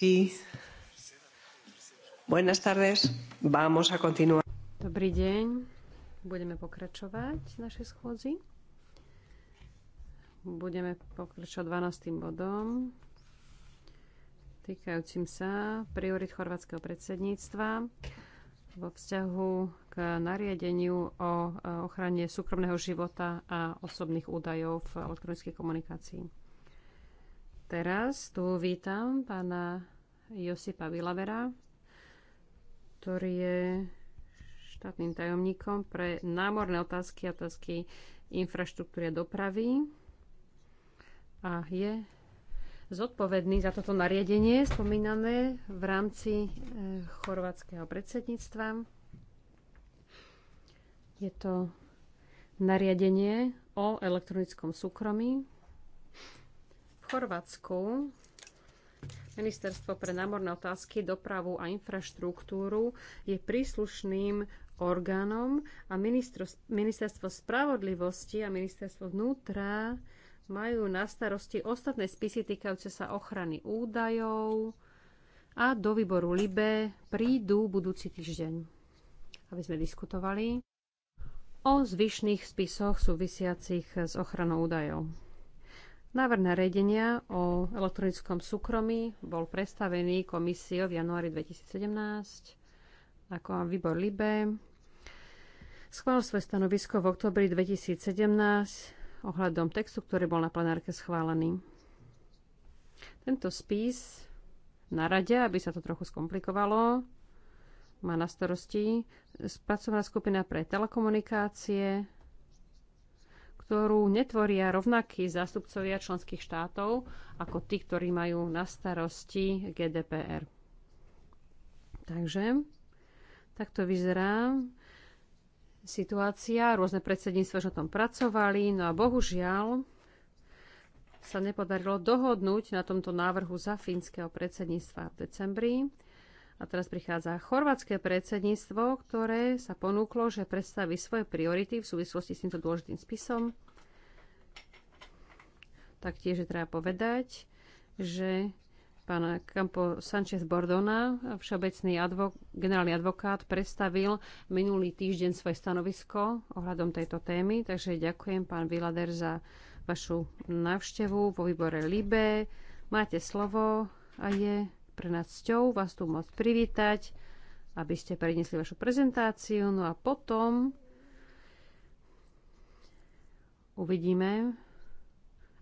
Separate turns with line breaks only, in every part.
Sí.
Buenas tardes. Vamos a continuar. Dobrý deň. Budeme pokračovať v našej schôdzi. Budeme pokračovať 12. bodom týkajúcim sa priorit chorvátskeho predsedníctva vo vzťahu k nariadeniu o e, ochrane súkromného života a osobných údajov v elektronickej komunikácii. Teraz tu vítam pána Josipa Vilavera, ktorý je štátnym tajomníkom pre námorné otázky a otázky infraštruktúry a dopravy a je zodpovedný za toto nariadenie spomínané v rámci e, chorvátskeho predsedníctva. Je to nariadenie o elektronickom súkromí Chorvátsku Ministerstvo pre námorné otázky, dopravu a infraštruktúru je príslušným orgánom a Ministerstvo spravodlivosti a Ministerstvo vnútra majú na starosti ostatné spisy týkajúce sa ochrany údajov a do výboru LIBE prídu budúci týždeň, aby sme diskutovali o zvyšných spisoch súvisiacich s ochranou údajov. Návrh nariadenia o elektronickom súkromí bol predstavený komisiou v januári 2017 ako výbor LIBE. Schválil svoje stanovisko v oktobri 2017 ohľadom textu, ktorý bol na plenárke schválený. Tento spis na rade, aby sa to trochu skomplikovalo, má na starosti pracovná skupina pre telekomunikácie, ktorú netvoria rovnakí zástupcovia členských štátov ako tí, ktorí majú na starosti GDPR. Takže takto vyzerá situácia. Rôzne predsedníctva už na tom pracovali, no a bohužiaľ sa nepodarilo dohodnúť na tomto návrhu za fínskeho predsedníctva v decembri. A teraz prichádza chorvátske predsedníctvo, ktoré sa ponúklo, že predstaví svoje priority v súvislosti s týmto dôležitým spisom. Taktiež je treba povedať, že pán Campo Sanchez Bordona, všeobecný advok, generálny advokát, predstavil minulý týždeň svoje stanovisko ohľadom tejto témy. Takže ďakujem pán Vilader za vašu návštevu vo výbore LIBE. Máte slovo a je pre nás cťou vás tu môcť privítať, aby ste prednesli vašu prezentáciu. No a potom uvidíme,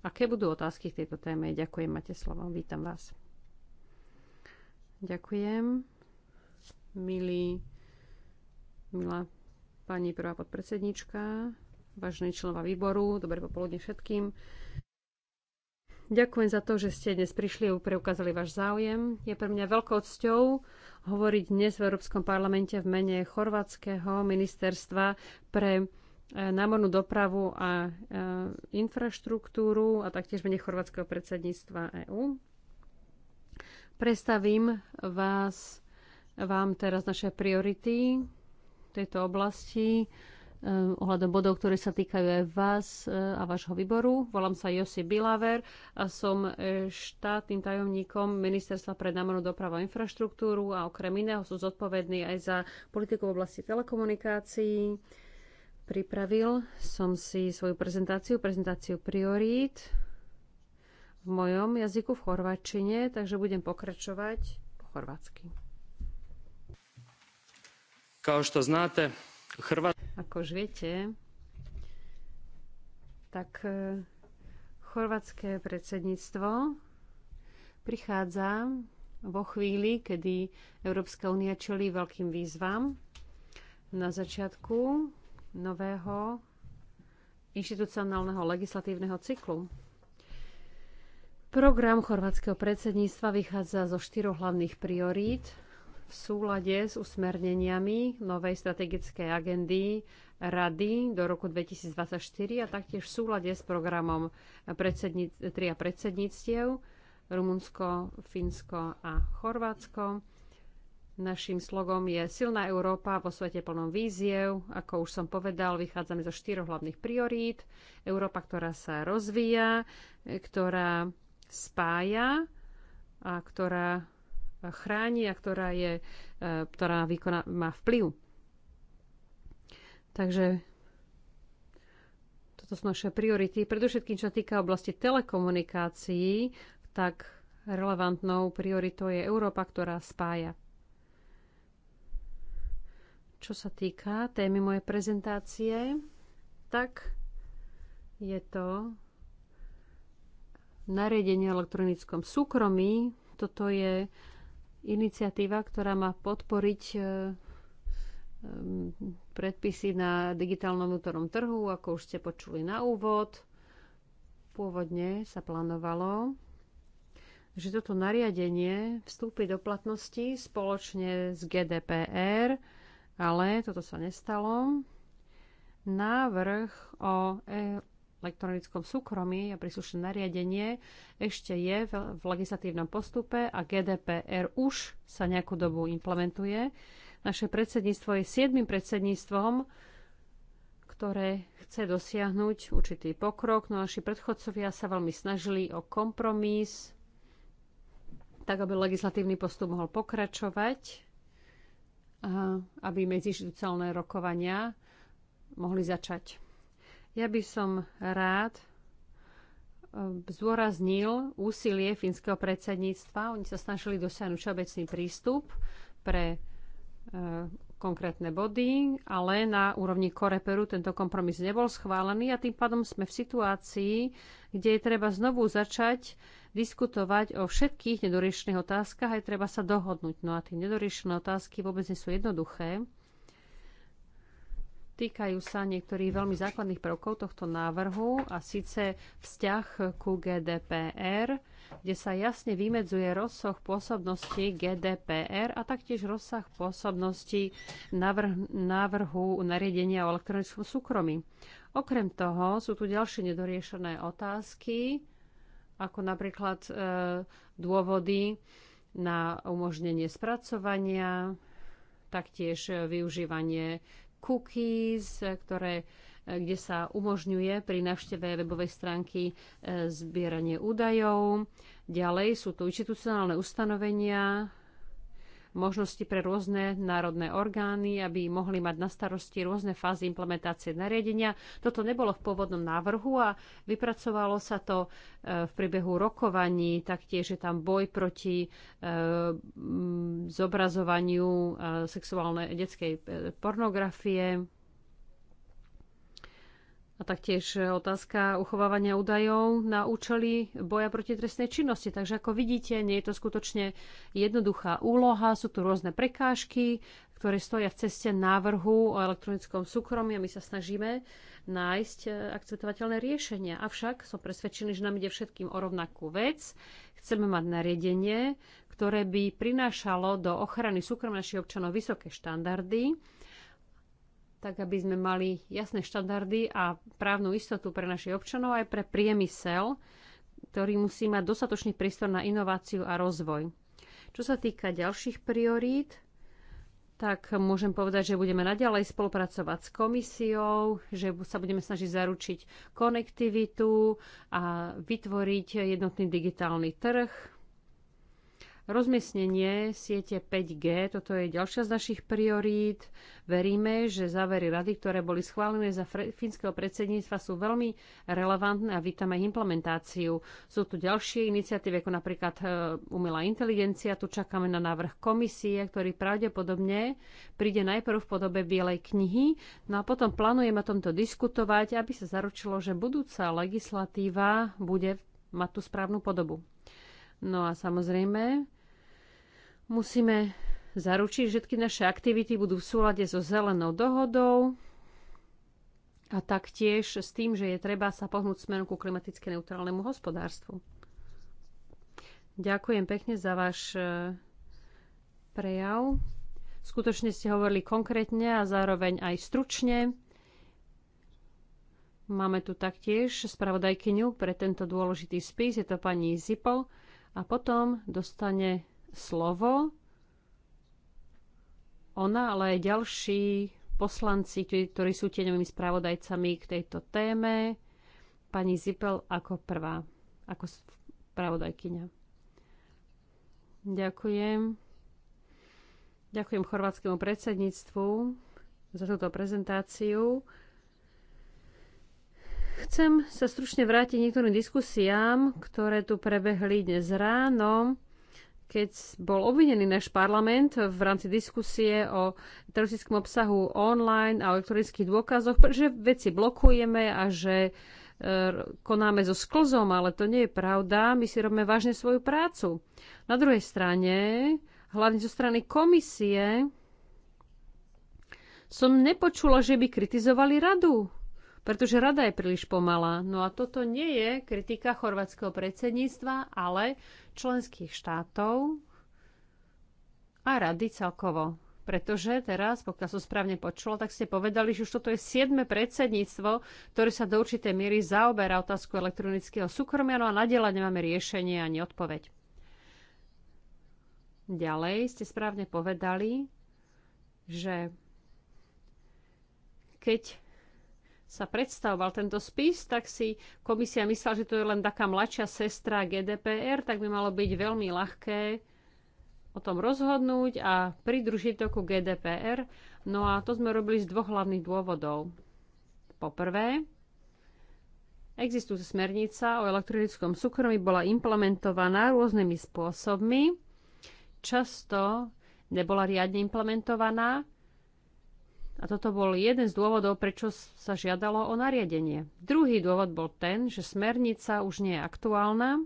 aké budú otázky k tejto téme. Ďakujem, máte slovo. Vítam vás. Ďakujem. Milí, milá pani prvá podpredsednička, vážne členova výboru, dobré popoludne všetkým. Ďakujem za to, že ste dnes prišli a preukázali váš záujem. Je pre mňa veľkou cťou hovoriť dnes v Európskom parlamente v mene Chorvátskeho ministerstva pre E, námornú dopravu a e, infraštruktúru a taktiež mene chorvátskeho predsedníctva EÚ. Predstavím vás, vám teraz naše priority v tejto oblasti e, ohľadom bodov, ktoré sa týkajú aj vás a vášho výboru. Volám sa Josi Bilaver a som štátnym tajomníkom Ministerstva pre námornú dopravu a infraštruktúru a okrem iného sú zodpovedný aj za politiku v oblasti telekomunikácií, Pripravil som si svoju prezentáciu, prezentáciu priorít v mojom jazyku v chorvačine, takže budem pokračovať po chorvatsky. Kao što znáte, viete, tak e, chorvátske predsedníctvo prichádza vo chvíli, kedy Európska únia čelí veľkým výzvam. Na začiatku nového inštitucionálneho legislatívneho cyklu. Program chorvátskeho predsedníctva vychádza zo štyroch hlavných priorít v súlade s usmerneniami novej strategickej agendy Rady do roku 2024 a taktiež v súlade s programom predsedni- tria predsedníctiev Rumunsko, Fínsko a Chorvátsko. Naším slogom je Silná Európa vo svete plnom víziev. Ako už som povedal, vychádzame zo štyroch hlavných priorít. Európa, ktorá sa rozvíja, ktorá spája a ktorá chráni a ktorá, je, e, ktorá výkona, má vplyv. Takže toto sú naše priority. Predovšetkým, čo týka oblasti telekomunikácií, tak relevantnou prioritou je Európa, ktorá spája. Čo sa týka témy mojej prezentácie, tak je to nariadenie o elektronickom súkromí. Toto je iniciatíva, ktorá má podporiť e, e, predpisy na digitálnom vnútornom trhu, ako už ste počuli na úvod. Pôvodne sa plánovalo, že toto nariadenie vstúpi do platnosti spoločne s GDPR ale toto sa nestalo. Návrh o elektronickom súkromí a príslušné nariadenie ešte je v, legislatívnom postupe a GDPR už sa nejakú dobu implementuje. Naše predsedníctvo je siedmým predsedníctvom, ktoré chce dosiahnuť určitý pokrok, no naši predchodcovia sa veľmi snažili o kompromis, tak aby legislatívny postup mohol pokračovať aby medzištitucionálne rokovania mohli začať. Ja by som rád eh, zdôraznil úsilie fínskeho predsedníctva. Oni sa snažili dosiahnuť všeobecný prístup pre eh, konkrétne body, ale na úrovni Koreperu tento kompromis nebol schválený a tým pádom sme v situácii, kde je treba znovu začať diskutovať o všetkých nedoriešených otázkach, aj treba sa dohodnúť. No a tie nedoriešené otázky vôbec nie sú jednoduché. Týkajú sa niektorých veľmi základných prvkov tohto návrhu a síce vzťah ku GDPR, kde sa jasne vymedzuje rozsah pôsobnosti GDPR a taktiež rozsah pôsobnosti návrh, návrhu nariadenia o elektronickom súkromí. Okrem toho sú tu ďalšie nedoriešené otázky, ako napríklad e, dôvody na umožnenie spracovania, taktiež využívanie cookies, ktoré, e, kde sa umožňuje pri návšteve webovej stránky e, zbieranie údajov. Ďalej sú tu institucionálne ustanovenia, možnosti pre rôzne národné orgány, aby mohli mať na starosti rôzne fázy implementácie nariadenia. Toto nebolo v pôvodnom návrhu a vypracovalo sa to e, v priebehu rokovaní. Taktiež je tam boj proti e, zobrazovaniu e, sexuálnej detskej pornografie, a taktiež e, otázka uchovávania údajov na účely boja proti trestnej činnosti. Takže ako vidíte, nie je to skutočne jednoduchá úloha, sú tu rôzne prekážky, ktoré stoja v ceste návrhu o elektronickom súkromí a my sa snažíme nájsť e, akceptovateľné riešenia. Avšak som presvedčený, že nám ide všetkým o rovnakú vec. Chceme mať nariadenie, ktoré by prinášalo do ochrany súkromia našich občanov vysoké štandardy, tak aby sme mali jasné štandardy a právnu istotu pre našich občanov aj pre priemysel, ktorý musí mať dostatočný priestor na inováciu a rozvoj. Čo sa týka ďalších priorít, tak môžem povedať, že budeme naďalej spolupracovať s komisiou, že sa budeme snažiť zaručiť konektivitu a vytvoriť jednotný digitálny trh Rozmiestnenie siete 5G, toto je ďalšia z našich priorít. Veríme, že závery rady, ktoré boli schválené za fínskeho predsedníctva, sú veľmi relevantné a vítame implementáciu. Sú tu ďalšie iniciatívy, ako napríklad e, umelá inteligencia. Tu čakáme na návrh komisie, ktorý pravdepodobne príde najprv v podobe bielej knihy. No a potom plánujeme o tomto diskutovať, aby sa zaručilo, že budúca legislatíva bude mať tú správnu podobu. No a samozrejme, Musíme zaručiť, že všetky naše aktivity budú v súlade so zelenou dohodou a taktiež s tým, že je treba sa pohnúť smerom ku klimaticky neutrálnemu hospodárstvu. Ďakujem pekne za váš e, prejav. Skutočne ste hovorili konkrétne a zároveň aj stručne. Máme tu taktiež spravodajkyňu pre tento dôležitý spis, je to pani Zipol. A potom dostane slovo. Ona, ale aj ďalší poslanci, ktorí sú tieňovými spravodajcami k tejto téme. Pani Zipel ako prvá, ako spravodajkyňa. Ďakujem. Ďakujem chorvátskému predsedníctvu za túto prezentáciu. Chcem sa stručne vrátiť niektorým diskusiám, ktoré tu prebehli dnes ráno keď bol obvinený náš parlament v rámci diskusie o teroristickom obsahu online a o elektronických dôkazoch, že veci blokujeme a že e, konáme so sklzom, ale to nie je pravda. My si robíme vážne svoju prácu. Na druhej strane, hlavne zo strany komisie, som nepočula, že by kritizovali radu, pretože rada je príliš pomalá. No a toto nie je kritika chorvátskeho predsedníctva, ale členských štátov a rady celkovo. Pretože teraz, pokiaľ som správne počula, tak ste povedali, že už toto je siedme predsedníctvo, ktoré sa do určitej miery zaoberá otázku elektronického súkromia, no a nadiaľ nemáme riešenie ani odpoveď. Ďalej ste správne povedali, že keď sa predstavoval tento spis, tak si komisia myslela, že to je len taká mladšia sestra GDPR, tak by malo byť veľmi ľahké o tom rozhodnúť a pridružiť to ku GDPR. No a to sme robili z dvoch hlavných dôvodov. Poprvé, existujúca smernica o elektronickom súkromí bola implementovaná rôznymi spôsobmi. Často nebola riadne implementovaná a toto bol jeden z dôvodov, prečo sa žiadalo o nariadenie. Druhý dôvod bol ten, že smernica už nie je aktuálna.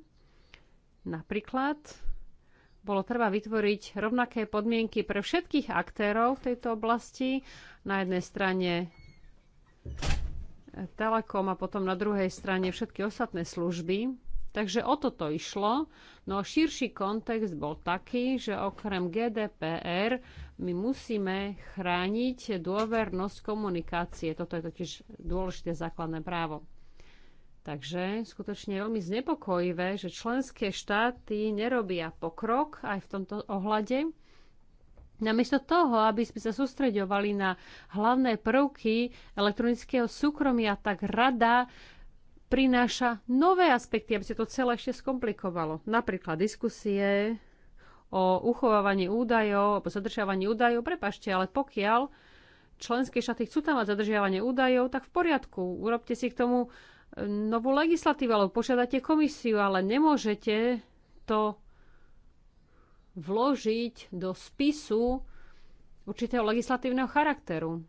Napríklad bolo treba vytvoriť rovnaké podmienky pre všetkých aktérov v tejto oblasti. Na jednej strane Telekom a potom na druhej strane všetky ostatné služby. Takže o toto išlo, no širší kontext bol taký, že okrem GDPR my musíme chrániť dôvernosť komunikácie. Toto je totiž dôležité základné právo. Takže skutočne je veľmi znepokojivé, že členské štáty nerobia pokrok aj v tomto ohľade. Namiesto toho, aby sme sa sústreďovali na hlavné prvky elektronického súkromia, tak rada prináša nové aspekty, aby sa to celé ešte skomplikovalo. Napríklad diskusie o uchovávaní údajov alebo zadržiavaní údajov. Prepašte, ale pokiaľ členské štáty chcú tam mať zadržiavanie údajov, tak v poriadku. Urobte si k tomu e, novú legislatívu alebo požiadate komisiu, ale nemôžete to vložiť do spisu určitého legislatívneho charakteru.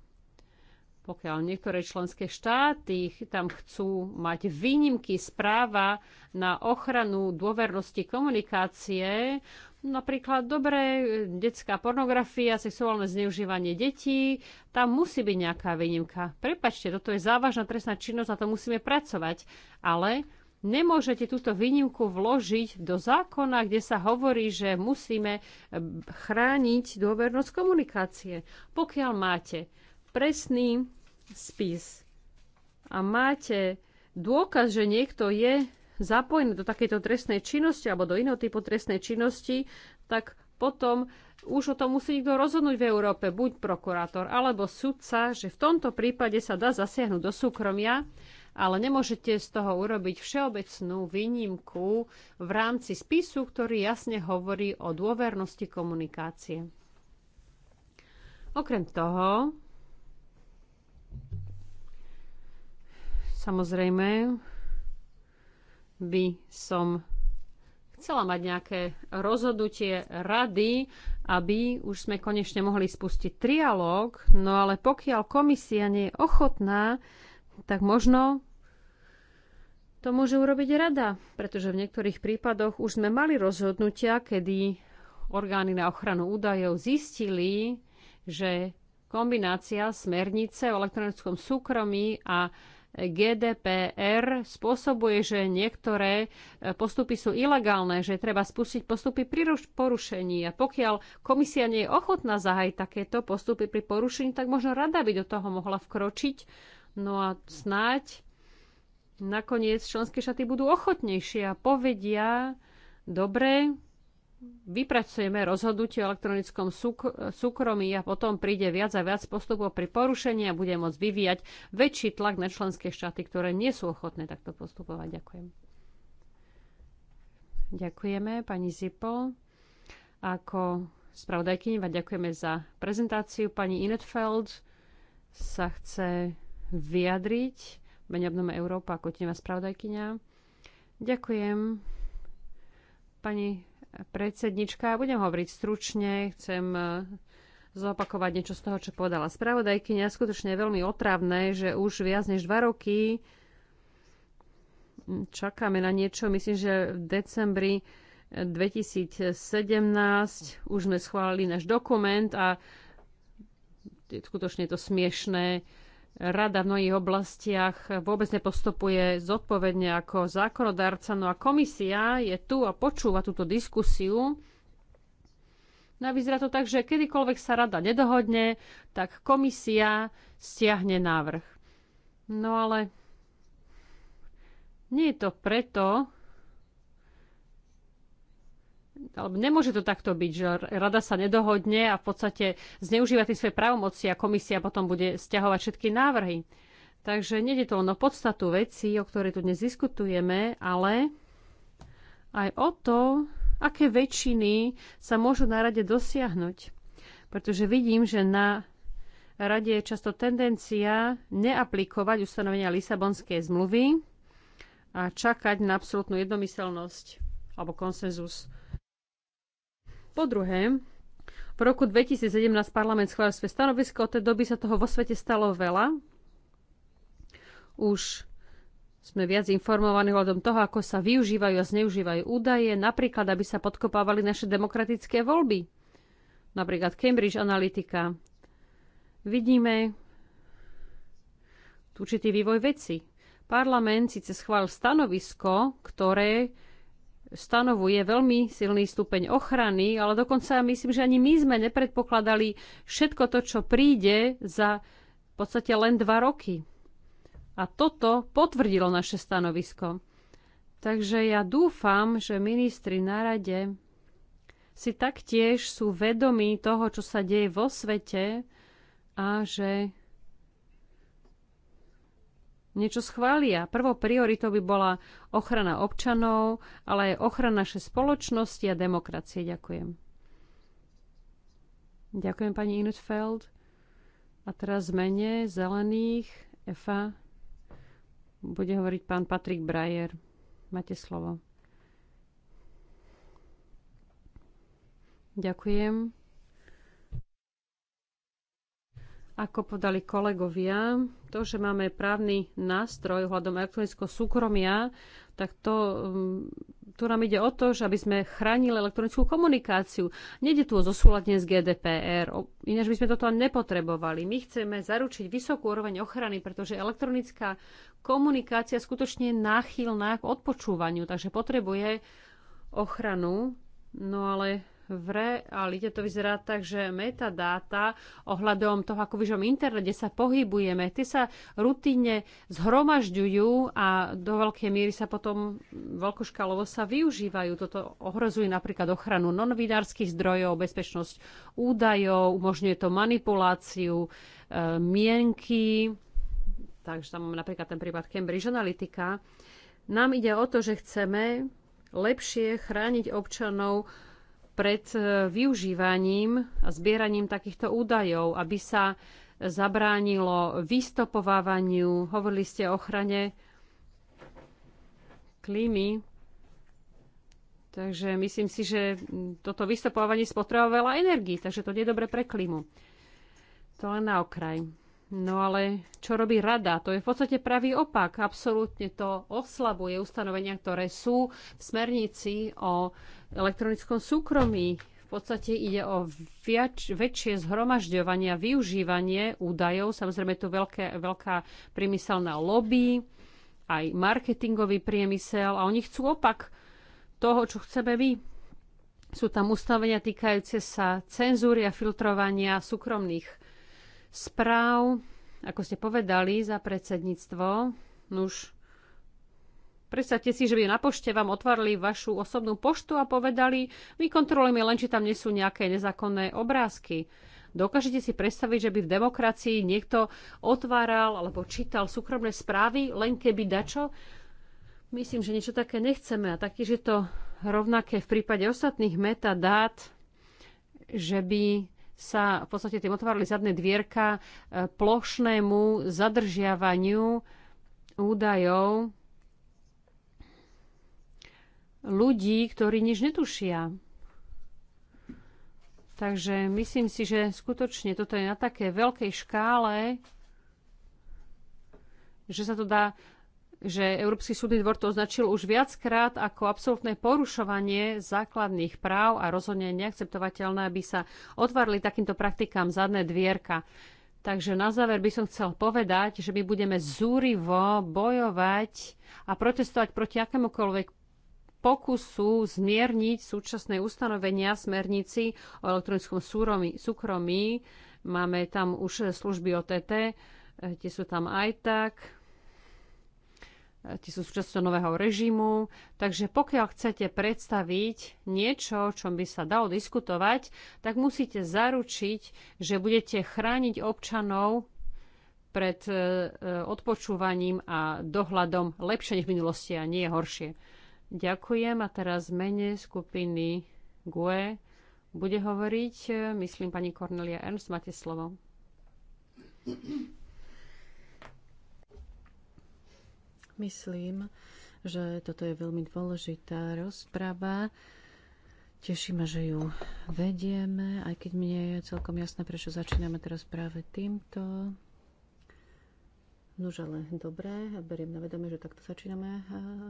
Pokiaľ niektoré členské štáty tam chcú mať výnimky správa na ochranu dôvernosti komunikácie, Napríklad, dobre, detská pornografia, sexuálne zneužívanie detí, tam musí byť nejaká výnimka. Prepačte, toto je závažná trestná činnosť a to musíme pracovať. Ale nemôžete túto výnimku vložiť do zákona, kde sa hovorí, že musíme eh, chrániť dôvernosť komunikácie. Pokiaľ máte presný spis a máte dôkaz, že niekto je zapojené do takejto trestnej činnosti alebo do iného typu trestnej činnosti, tak potom už o tom musí niekto rozhodnúť v Európe, buď prokurátor alebo sudca, že v tomto prípade sa dá zasiahnuť do súkromia, ale nemôžete z toho urobiť všeobecnú výnimku v rámci spisu, ktorý jasne hovorí o dôvernosti komunikácie. Okrem toho, samozrejme, by som chcela mať nejaké rozhodnutie rady, aby už sme konečne mohli spustiť trialóg, no ale pokiaľ komisia nie je ochotná, tak možno to môže urobiť rada, pretože v niektorých prípadoch už sme mali rozhodnutia, kedy orgány na ochranu údajov zistili, že kombinácia smernice o elektronickom súkromí a GDPR spôsobuje, že niektoré e, postupy sú ilegálne, že treba spustiť postupy pri porušení. A pokiaľ komisia nie je ochotná zahájiť takéto postupy pri porušení, tak možno rada by do toho mohla vkročiť. No a snáď nakoniec členské šaty budú ochotnejšie a povedia, dobre, vypracujeme rozhodnutie o elektronickom súk- súkromí a potom príde viac a viac postupov pri porušení a bude môcť vyvíjať väčší tlak na členské štáty, ktoré nie sú ochotné takto postupovať. Ďakujem. Ďakujeme pani Zipo. Ako spravodajkyni vám ďakujeme za prezentáciu. Pani Inetfeld sa chce vyjadriť mene obnome Európa ako vás spravodajkynia. Ďakujem. Pani predsednička. Budem hovoriť stručne, chcem e, zopakovať niečo z toho, čo povedala spravodajkyňa. Skutočne je veľmi otravné, že už viac než dva roky čakáme na niečo. Myslím, že v decembri 2017 už sme schválili náš dokument a skutočne je to smiešné rada v mnohých oblastiach vôbec nepostupuje zodpovedne ako zákonodárca. No a komisia je tu a počúva túto diskusiu. No a vyzerá to tak, že kedykoľvek sa rada nedohodne, tak komisia stiahne návrh. No ale nie je to preto, alebo nemôže to takto byť, že rada sa nedohodne a v podstate zneužíva tie svoje právomoci a komisia potom bude stiahovať všetky návrhy. Takže nede to len o podstatu veci, o ktorej tu dnes diskutujeme, ale aj o to, aké väčšiny sa môžu na rade dosiahnuť. Pretože vidím, že na rade je často tendencia neaplikovať ustanovenia Lisabonskej zmluvy a čakať na absolútnu jednomyselnosť alebo konsenzus po druhé, v roku 2017 parlament schválil svoje stanovisko, od tej doby sa toho vo svete stalo veľa. Už sme viac informovaní hľadom toho, ako sa využívajú a zneužívajú údaje, napríklad, aby sa podkopávali naše demokratické voľby. Napríklad Cambridge Analytica. Vidíme určitý vývoj veci. Parlament síce schválil stanovisko, ktoré stanovuje veľmi silný stupeň ochrany, ale dokonca myslím, že ani my sme nepredpokladali všetko to, čo príde za v podstate len dva roky. A toto potvrdilo naše stanovisko. Takže ja dúfam, že ministri na rade si taktiež sú vedomí toho, čo sa deje vo svete a že niečo schvália. Prvou prioritou by bola ochrana občanov, ale aj ochrana našej spoločnosti a demokracie. Ďakujem. Ďakujem pani Inutfeld. A teraz mene zelených EFA bude hovoriť pán Patrik Brajer. Máte slovo. Ďakujem. Ako podali kolegovia, to, že máme právny nástroj ohľadom elektronického súkromia, tak to, mm, tu nám ide o to, že aby sme chránili elektronickú komunikáciu. Nede tu o zosúladne z GDPR, ináč by sme toto nepotrebovali. My chceme zaručiť vysokú úroveň ochrany, pretože elektronická komunikácia skutočne je náchylná k odpočúvaniu, takže potrebuje ochranu, no ale v realite to vyzerá tak, že metadáta ohľadom toho, ako vyžom internete sa pohybujeme, tie sa rutíne zhromažďujú a do veľkej miery sa potom veľkoškálovo sa využívajú. Toto ohrozuje napríklad ochranu novinárskych zdrojov, bezpečnosť údajov, umožňuje to manipuláciu e, mienky, takže tam máme napríklad ten prípad Cambridge Analytica. Nám ide o to, že chceme lepšie chrániť občanov pred e, využívaním a zbieraním takýchto údajov, aby sa zabránilo vystopovávaniu. Hovorili ste o ochrane klímy. Takže myslím si, že toto vystopovanie spotrebovalo veľa energii, takže to nie je dobre pre klímu. To len na okraj. No ale čo robí rada? To je v podstate pravý opak. Absolútne to oslabuje ustanovenia, ktoré sú v smernici o elektronickom súkromí. V podstate ide o viač, väčšie zhromažďovanie a využívanie údajov. Samozrejme tu veľké, veľká priemyselná lobby, aj marketingový priemysel a oni chcú opak toho, čo chceme my. Sú tam ustavenia týkajúce sa cenzúry a filtrovania súkromných správ, ako ste povedali, za predsedníctvo. Nuž, predstavte si, že by na pošte vám otvorili vašu osobnú poštu a povedali, my kontrolujeme len, či tam nie sú nejaké nezákonné obrázky. Dokážete si predstaviť, že by v demokracii niekto otváral alebo čítal súkromné správy, len keby dačo? Myslím, že niečo také nechceme. A taktiež je to rovnaké v prípade ostatných metadát, že by sa v podstate tým otvárali zadné dvierka e, plošnému zadržiavaniu údajov ľudí, ktorí nič netušia. Takže myslím si, že skutočne toto je na také veľkej škále, že sa to dá že Európsky súdny dvor to označil už viackrát ako absolútne porušovanie základných práv a rozhodne neakceptovateľné, aby sa otvárali takýmto praktikám zadné dvierka. Takže na záver by som chcel povedať, že my budeme zúrivo bojovať a protestovať proti akémukoľvek pokusu zmierniť súčasné ustanovenia smernici o elektronickom súromi, súkromí. Máme tam už služby OTT, eh, tie sú tam aj tak tí sú súčasťou nového režimu. Takže pokiaľ chcete predstaviť niečo, o čom by sa dalo diskutovať, tak musíte zaručiť, že budete chrániť občanov pred e, odpočúvaním a dohľadom lepšie než v minulosti a nie horšie. Ďakujem a teraz mene skupiny GUE bude hovoriť, e, myslím, pani Cornelia Ernst, máte slovo.
Myslím, že toto je veľmi dôležitá rozprava. Teší ma, že ju vedieme, aj keď mi nie je celkom jasné, prečo začíname teraz práve týmto. Nuž, ale dobré, beriem na vedomie, že takto začíname eh,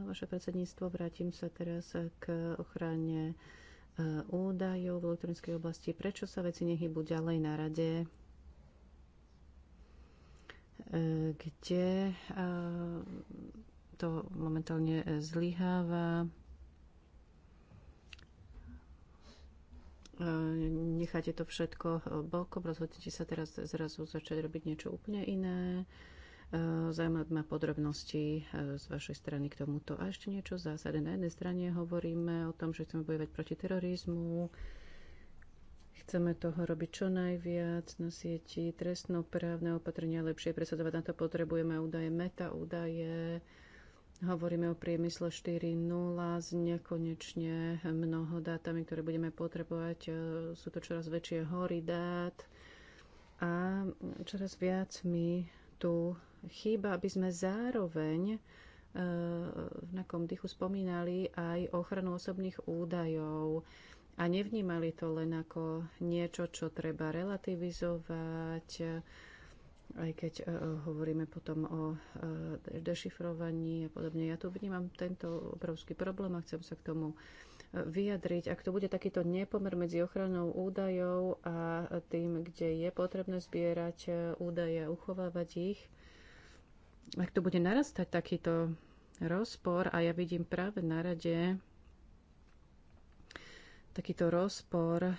vaše predsedníctvo. Vrátim sa teraz k ochrane eh, údajov v elektronickej oblasti. Prečo sa veci nehybu ďalej na rade? Eh, kde eh, to momentálne zlyháva. Eh, necháte to všetko bokom, rozhodnete sa teraz zrazu začať robiť niečo úplne iné. Zaujímavé ma podrobnosti z vašej strany k tomuto. A ešte niečo zásadné. Na jednej strane hovoríme o tom, že chceme bojovať proti terorizmu, Chceme toho robiť čo najviac na sieti trestnoprávne opatrenia lepšie presadovať. Na to potrebujeme údaje, meta údaje. Hovoríme o priemysle 4.0 s nekonečne mnoho dátami, ktoré budeme potrebovať. E, sú to čoraz väčšie hory dát a čoraz viac mi tu chýba, aby sme zároveň e, v nakom dychu spomínali aj ochranu osobných údajov a nevnímali to len ako niečo, čo treba relativizovať, aj keď uh, hovoríme potom o uh, dešifrovaní a podobne. Ja tu vnímam tento obrovský problém a chcem sa k tomu vyjadriť. Ak to bude takýto nepomer medzi ochranou údajov a tým, kde je potrebné zbierať údaje a uchovávať ich, ak tu bude narastať takýto rozpor a ja vidím práve na rade takýto rozpor e,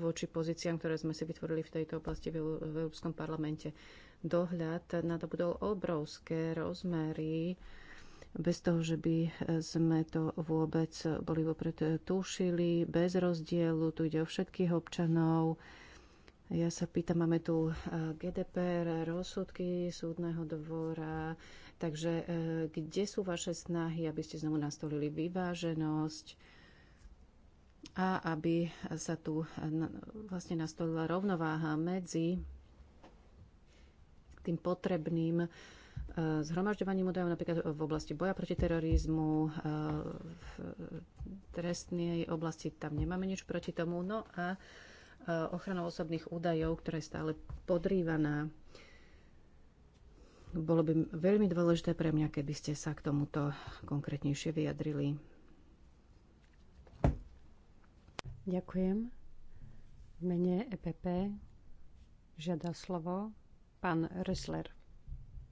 voči pozíciám, ktoré sme si vytvorili v tejto oblasti v Európskom parlamente. Dohľad nadobudol obrovské rozmery bez toho, že by sme to vôbec boli vopred tušili, bez rozdielu, tu ide o všetkých občanov. Ja sa pýtam, máme tu e, GDPR, rozsudky súdneho dvora, takže e, kde sú vaše snahy, aby ste znovu nastolili vyváženosť? a aby sa tu vlastne nastolila rovnováha medzi tým potrebným e, zhromažďovaním údajov napríklad v oblasti boja proti terorizmu, e, v trestnej oblasti tam nemáme nič proti tomu, no a e, ochranou osobných údajov, ktorá je stále podrývaná. Bolo by veľmi dôležité pre mňa, keby ste sa k tomuto konkrétnejšie vyjadrili. Ďakujem.
V mene EPP žiada slovo pán Ressler.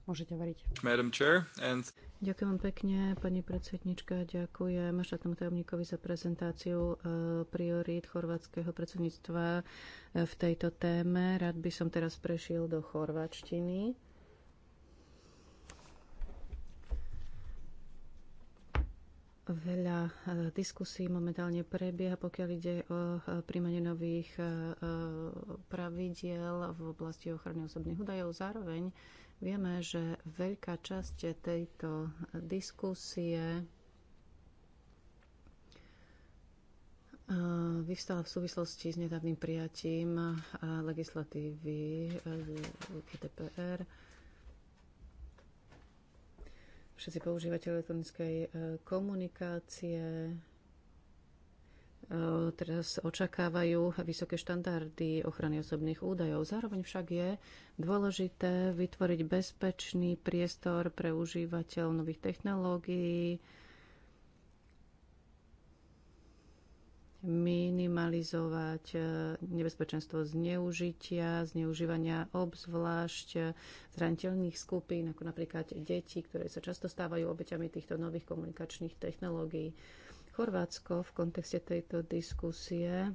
Môžete hovoriť.
Madam Chair, and...
Ďakujem pekne, pani predsednička. Ďakujem štátnemu tajomníkovi za prezentáciu eh, priorít chorvátskeho predsedníctva eh, v tejto téme. Rád by som teraz prešiel do chorvačtiny. Veľa diskusí momentálne prebieha, pokiaľ ide o príjmanie nových pravidiel v oblasti ochrany osobných údajov. Zároveň vieme, že veľká časť tejto diskusie vyvstala v súvislosti s nedávnym prijatím legislatívy GDPR všetci používate elektronickej e, komunikácie e, teraz očakávajú vysoké štandardy ochrany osobných údajov. Zároveň však je dôležité vytvoriť bezpečný priestor pre užívateľ nových technológií, minimalizovať e, nebezpečenstvo zneužitia, zneužívania obzvlášť e, zraniteľných skupín, ako napríklad deti, ktoré sa často stávajú obeťami týchto nových komunikačných technológií. Chorvátsko v kontexte tejto diskusie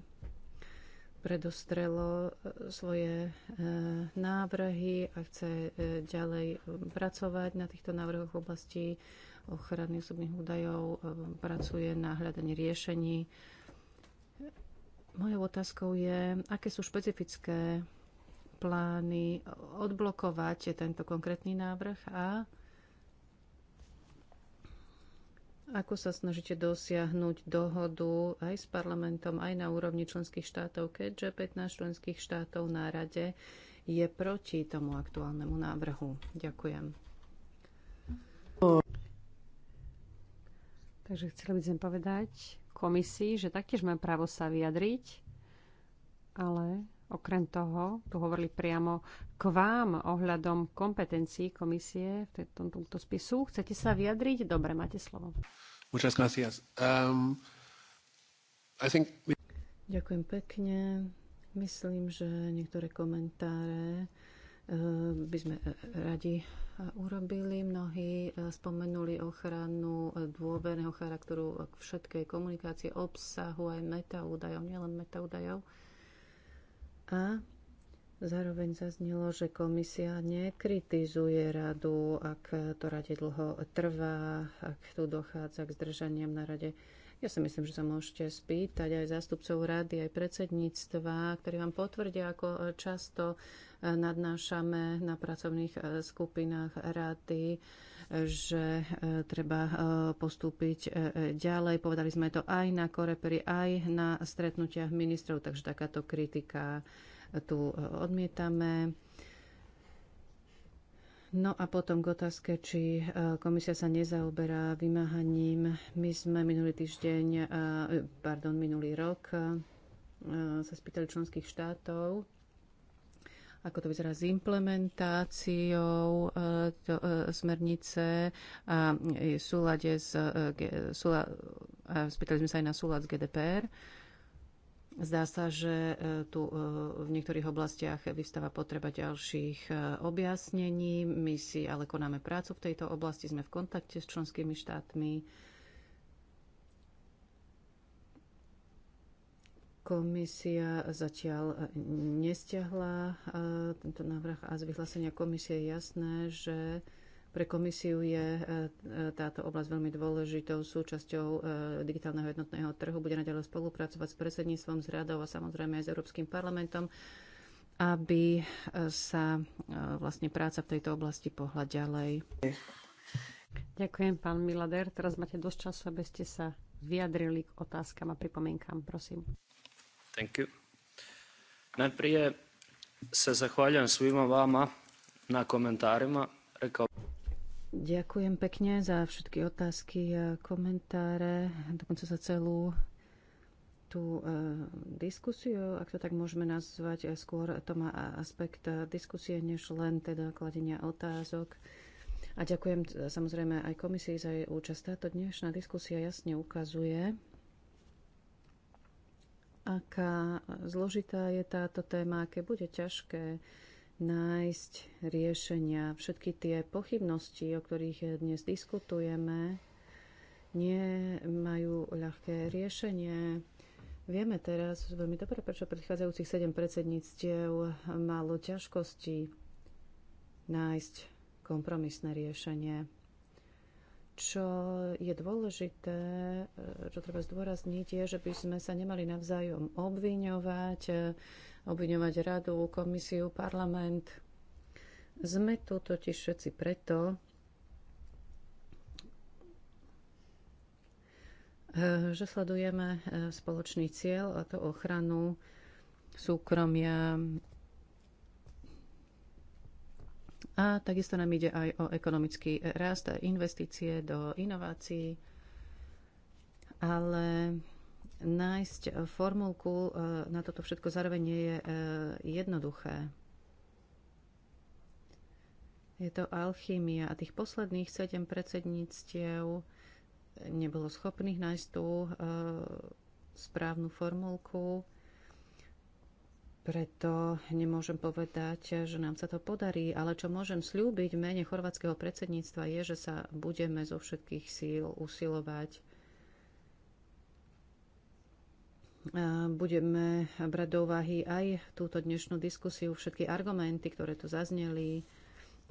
predostrelo e, svoje návrhy a chce ďalej pracovať na týchto návrhoch v oblasti ochrany osobných údajov, pracuje na hľadanie riešení Mojou otázkou je, aké sú špecifické plány odblokovať tento konkrétny návrh a ako sa snažíte dosiahnuť dohodu aj s parlamentom, aj na úrovni členských štátov, keďže 15 členských štátov na rade je proti tomu aktuálnemu návrhu. Ďakujem. Takže
chcela by som povedať, komisii, že taktiež mám právo sa vyjadriť, ale okrem toho, tu hovorili priamo k vám ohľadom kompetencií komisie v tomto spisu. Chcete sa vyjadriť? Dobre, máte slovo.
Muchas gracias. Um, I think...
Ďakujem pekne. Myslím, že niektoré komentáre Ehm, by sme e, radi e, urobili. Mnohí e, spomenuli ochranu dôverného charakteru všetkej komunikácie, obsahu aj metaúdajov, nielen metaúdajov. A zároveň zaznelo, že komisia nekritizuje radu, ak to rade dlho trvá, ak tu dochádza k zdržaniam na rade. Ja si myslím, že sa môžete spýtať aj zástupcov rady, aj predsedníctva, ktorí vám potvrdia, ako e, často e, nadnášame na pracovných e, skupinách rady, že treba postúpiť ďalej. Povedali sme to aj na koreperi, aj na stretnutiach ministrov, takže takáto kritika tu odmietame. No a potom k otázke, či e, komisia sa nezaoberá vymáhaním. My sme minulý týždeň, e, pardon, minulý rok e, sa spýtali členských štátov, ako to vyzerá s implementáciou to, smernice a súlade s, súla, spýtali sme sa aj na súlad s GDPR. Zdá sa, že e, tu e, v niektorých oblastiach vystáva potreba ďalších e, objasnení. My si ale konáme prácu v tejto oblasti, sme v kontakte s členskými štátmi. Komisia zatiaľ nestiahla tento návrh a z vyhlásenia komisie je jasné, že pre komisiu je e, e, táto oblasť veľmi dôležitou súčasťou e, digitálneho jednotného trhu. Bude naďalej spolupracovať s predsedníctvom, s radou a samozrejme aj s Európskym parlamentom, aby sa vlastne práca v tejto oblasti pohľa ďalej. Ďakujem, pán Milader. Teraz máte dosť času, aby ste sa
vyjadrili k otázkam a pripomienkám. Prosím.
Thank you.
Najprije sa zahvaljujem svima vama na komentárima. Rekao... Ďakujem pekne za všetky otázky a komentáre, dokonca za celú tú e, diskusiu, ak to tak môžeme nazvať, e, skôr to má aspekt e, diskusie, než len teda kladenia otázok. A ďakujem samozrejme aj komisii za jej účasť. Táto dnešná diskusia jasne ukazuje, aká zložitá je táto téma, aké bude ťažké nájsť riešenia. Všetky tie pochybnosti, o ktorých dnes diskutujeme, nemajú ľahké riešenie. Vieme teraz veľmi dobre, prečo predchádzajúcich 7 predsedníctiev malo ťažkosti nájsť kompromisné riešenie. Čo je dôležité, čo treba zdôrazniť, je, že by sme sa nemali navzájom obviňovať, obviňovať radu, komisiu, parlament. Sme tu totiž všetci preto, eh, že sledujeme eh, spoločný cieľ, a to ochranu súkromia a takisto nám ide aj o ekonomický rast a investície do inovácií, ale nájsť formulku e, na toto všetko zároveň nie je e, jednoduché. Je to alchymia a tých posledných sedem predsedníctiev nebolo schopných nájsť tú e, správnu formulku, preto nemôžem povedať, že nám sa to podarí, ale čo môžem slúbiť v mene chorvátskeho predsedníctva je, že sa budeme zo všetkých síl usilovať budeme brať do úvahy aj túto dnešnú diskusiu, všetky argumenty, ktoré tu zazneli.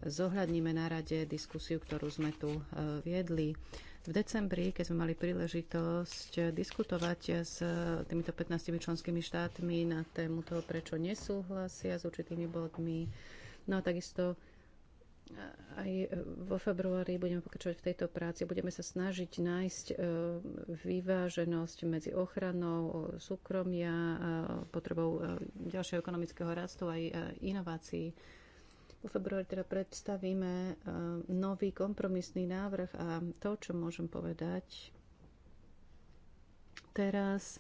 Zohľadníme na rade diskusiu, ktorú sme tu e, viedli. V decembri, keď sme mali príležitosť diskutovať s týmito 15 členskými štátmi na tému toho, prečo nesúhlasia s určitými bodmi, no a takisto aj e, vo februári budeme pokračovať v tejto práci. Budeme sa snažiť nájsť e, vyváženosť medzi ochranou súkromia, potrebou e, ďalšieho ekonomického rastu aj inovácií. Vo februári teda predstavíme nový kompromisný návrh a to, čo môžem povedať teraz,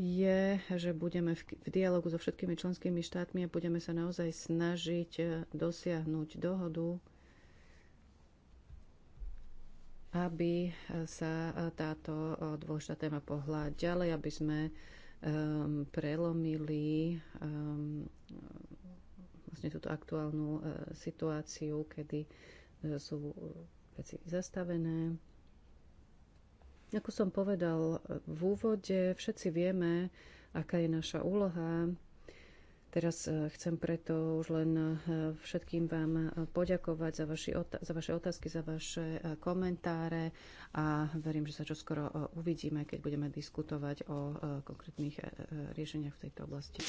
je, že budeme v, v dialogu so všetkými členskými štátmi a budeme sa naozaj snažiť e, dosiahnuť dohodu, aby e, sa e, táto dôležitá téma pohla ďalej, aby sme um, prelomili um, vlastne túto aktuálnu uh, situáciu, kedy uh, sú veci zastavené ako som povedal e, v úvode, všetci vieme, aká je naša úloha. Teraz e, chcem preto už len e, všetkým vám poďakovať za, vaši, za vaše otázky, za vaše komentáre a verím, že sa čoskoro uvidíme, keď budeme diskutovať o konkrétnych riešeniach v tejto oblasti.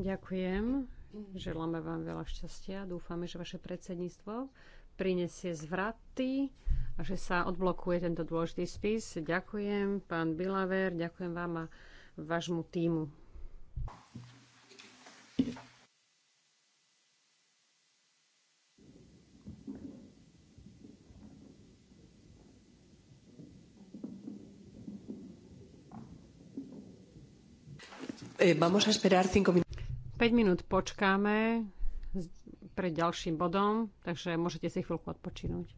Ďakujem. Želáme vám veľa šťastia. Dúfame, že vaše predsedníctvo
prinesie zvraty a že sa odblokuje tento dôležitý spis. Ďakujem, pán Bilaver, ďakujem vám a vášmu týmu.
Eh, vamos a esperar cinco
minutos. 5 minút počkáme, pred ďalším bodom, takže môžete si chvíľku odpočinúť.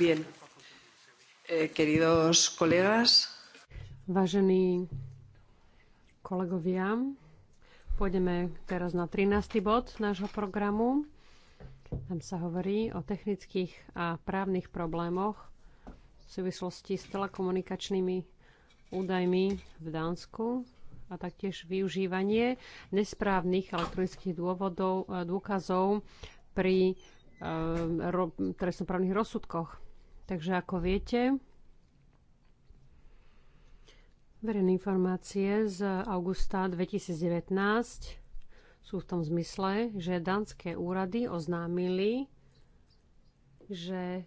Bien. Eh, queridos colegas.
Vážení kolegovia, pôjdeme teraz na 13. bod nášho programu. Tam sa hovorí o technických a právnych problémoch v súvislosti s telekomunikačnými údajmi v Dánsku a taktiež využívanie nesprávnych elektronických dôvodov, eh, dôkazov pri e, trestnoprávnych rozsudkoch. Takže ako viete, verejné informácie z augusta 2019 sú v tom zmysle, že dánske úrady oznámili, že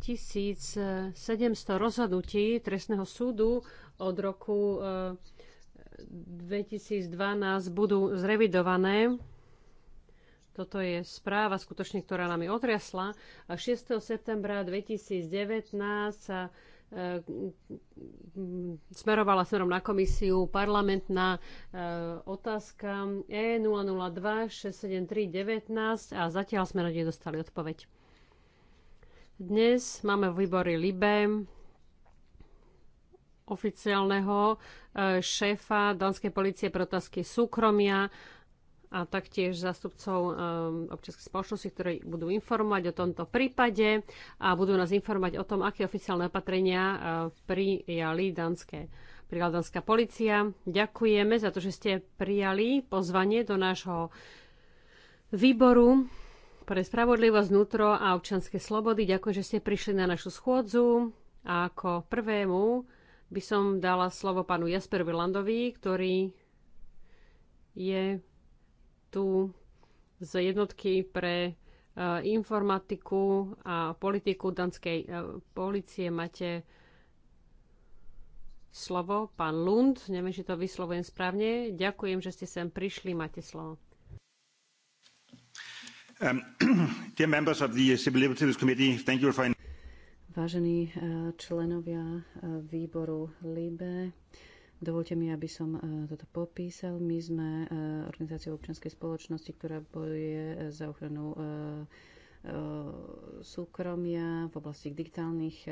1700 rozhodnutí trestného súdu od roku 2012 eh, budú zrevidované toto je správa skutočne, ktorá je otriasla. A 6. septembra 2019 sa e, mm, smerovala smerom na komisiu parlamentná e, otázka E002-673-19 a zatiaľ sme na nej dostali odpoveď. Dnes máme výbory LIBE, oficiálneho e, šéfa Danskej policie pre otázky súkromia a taktiež zástupcov eh, občianskej spoločnosti, ktorí budú informovať o tomto prípade a budú nás informovať o tom, aké oficiálne opatrenia eh, prijali danské prihľadanská policia. Ďakujeme za to, že ste prijali pozvanie do nášho výboru pre spravodlivosť, vnútro a občanské slobody. Ďakujem, že ste prišli na našu schôdzu. A ako prvému by som dala slovo pánu Jasperovi Landovi, ktorý je tu z jednotky pre eh, informatiku a politiku danskej eh, policie máte slovo. Pán Lund, neviem, či to vyslovujem správne. Ďakujem, že ste sem prišli. Máte slovo.
Um,
Vážení eh, členovia výboru LIBE, Dovolte mi, aby som e, toto popísal. My sme e, organizáciou občianskej spoločnosti, ktorá bojuje e, za ochranu súkromia v oblasti digitálnych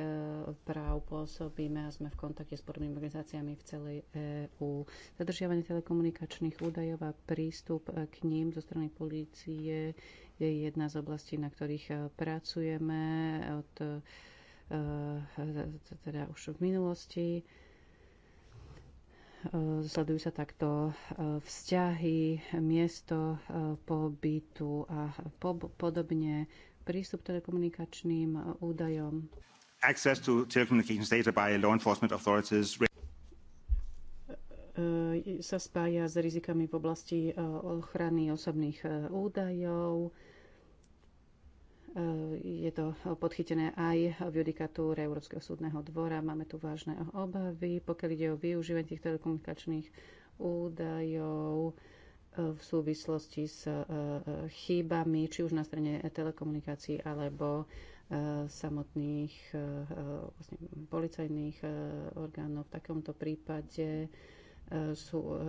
práv pôsobíme a sme v kontakte s podobnými organizáciami v celej EÚ. Zadržiavanie telekomunikačných údajov a prístup k ním zo strany polície je jedna z oblastí, na ktorých pracujeme od teda už v minulosti E, sledujú sa takto e, vzťahy, miesto e, pobytu a podobne, prístup telekomunikačným údajom.
Access to telecommunications data by law enforcement authorities
sa spája s rizikami v oblasti ochrany osobných údajov, Eh, je to podchytené aj v judikatúre Európskeho súdneho dvora. Máme tu vážne obavy, pokiaľ ide o využívanie tých telekomunikačných údajov eh, v súvislosti s eh, chýbami, či už na strane telekomunikácií alebo samotných vlastne, policajných orgánov. V takomto prípade E, sú, e,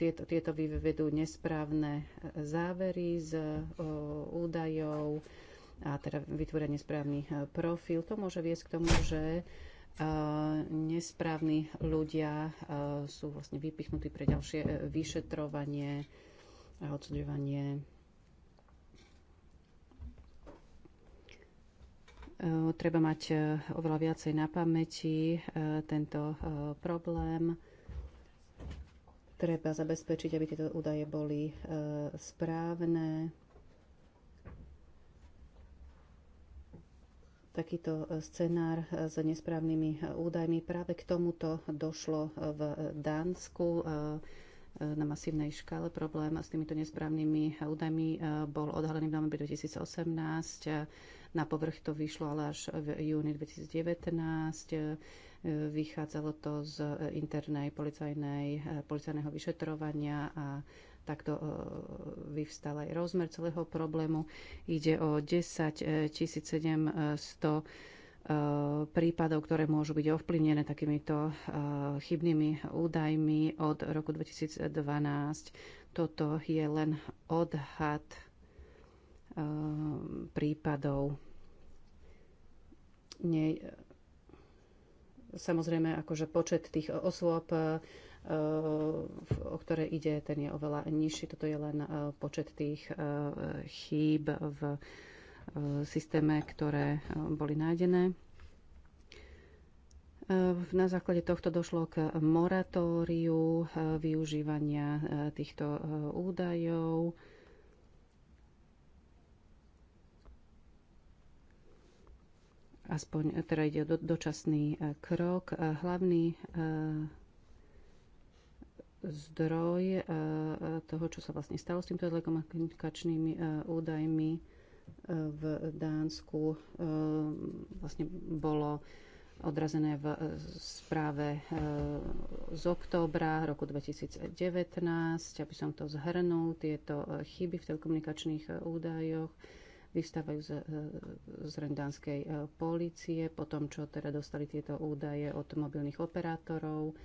tieto, tieto vyvedú nesprávne závery z e, údajov a teda vytvoria nesprávny profil. To môže viesť k tomu, že nesprávni ľudia sú vlastne vypichnutí pre ďalšie vyšetrovanie a odsudovanie. Treba mať oveľa viacej na pamäti tento problém Treba zabezpečiť, aby tieto údaje boli e, správne. Takýto e, scenár e, s nesprávnymi údajmi. Práve k tomuto došlo v Dánsku na masívnej škále. Problém s týmito nesprávnymi údajmi bol odhalený v novembri 2018 na povrch to vyšlo ale až v júni 2019. E, vychádzalo to z internej policajnej, e, policajného vyšetrovania a takto e, vyvstal aj rozmer celého problému. Ide o 10 700 prípadov, ktoré môžu byť ovplyvnené takýmito chybnými údajmi od roku 2012. Toto je len odhad Eh, prípadov. Nie, samozrejme, akože počet tých osôb, eh, o ktoré ide, ten je oveľa nižší. Toto je len eh, počet tých chýb v systéme, ktoré boli nájdené. Na základe tohto došlo k moratóriu využívania týchto údajov aspoň e, teda ide do, dočasný e, krok. E, hlavný zdroj toho, čo sa vlastne stalo s týmto telekomunikačnými údajmi v Dánsku, vlastne bolo odrazené v správe z októbra roku 2019. Aby som to zhrnul, tieto chyby v telekomunikačných údajoch vystávajú z, eh, z rendánskej eh, policie, po tom, čo teda dostali tieto údaje od mobilných operátorov.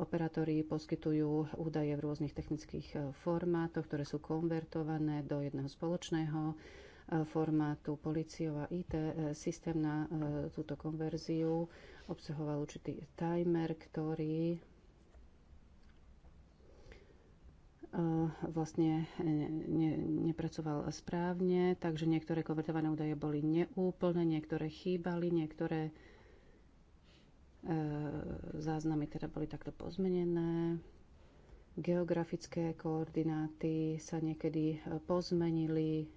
Operátori poskytujú údaje v rôznych technických eh, formátoch, ktoré sú konvertované do jedného spoločného formátu. a IT systém na túto konverziu obsahoval určitý timer, ktorý vlastne ne, nepracoval správne, takže niektoré konvertované údaje boli neúplné, niektoré chýbali, niektoré e, záznamy teda boli takto pozmenené. Geografické koordináty sa niekedy e, pozmenili, e,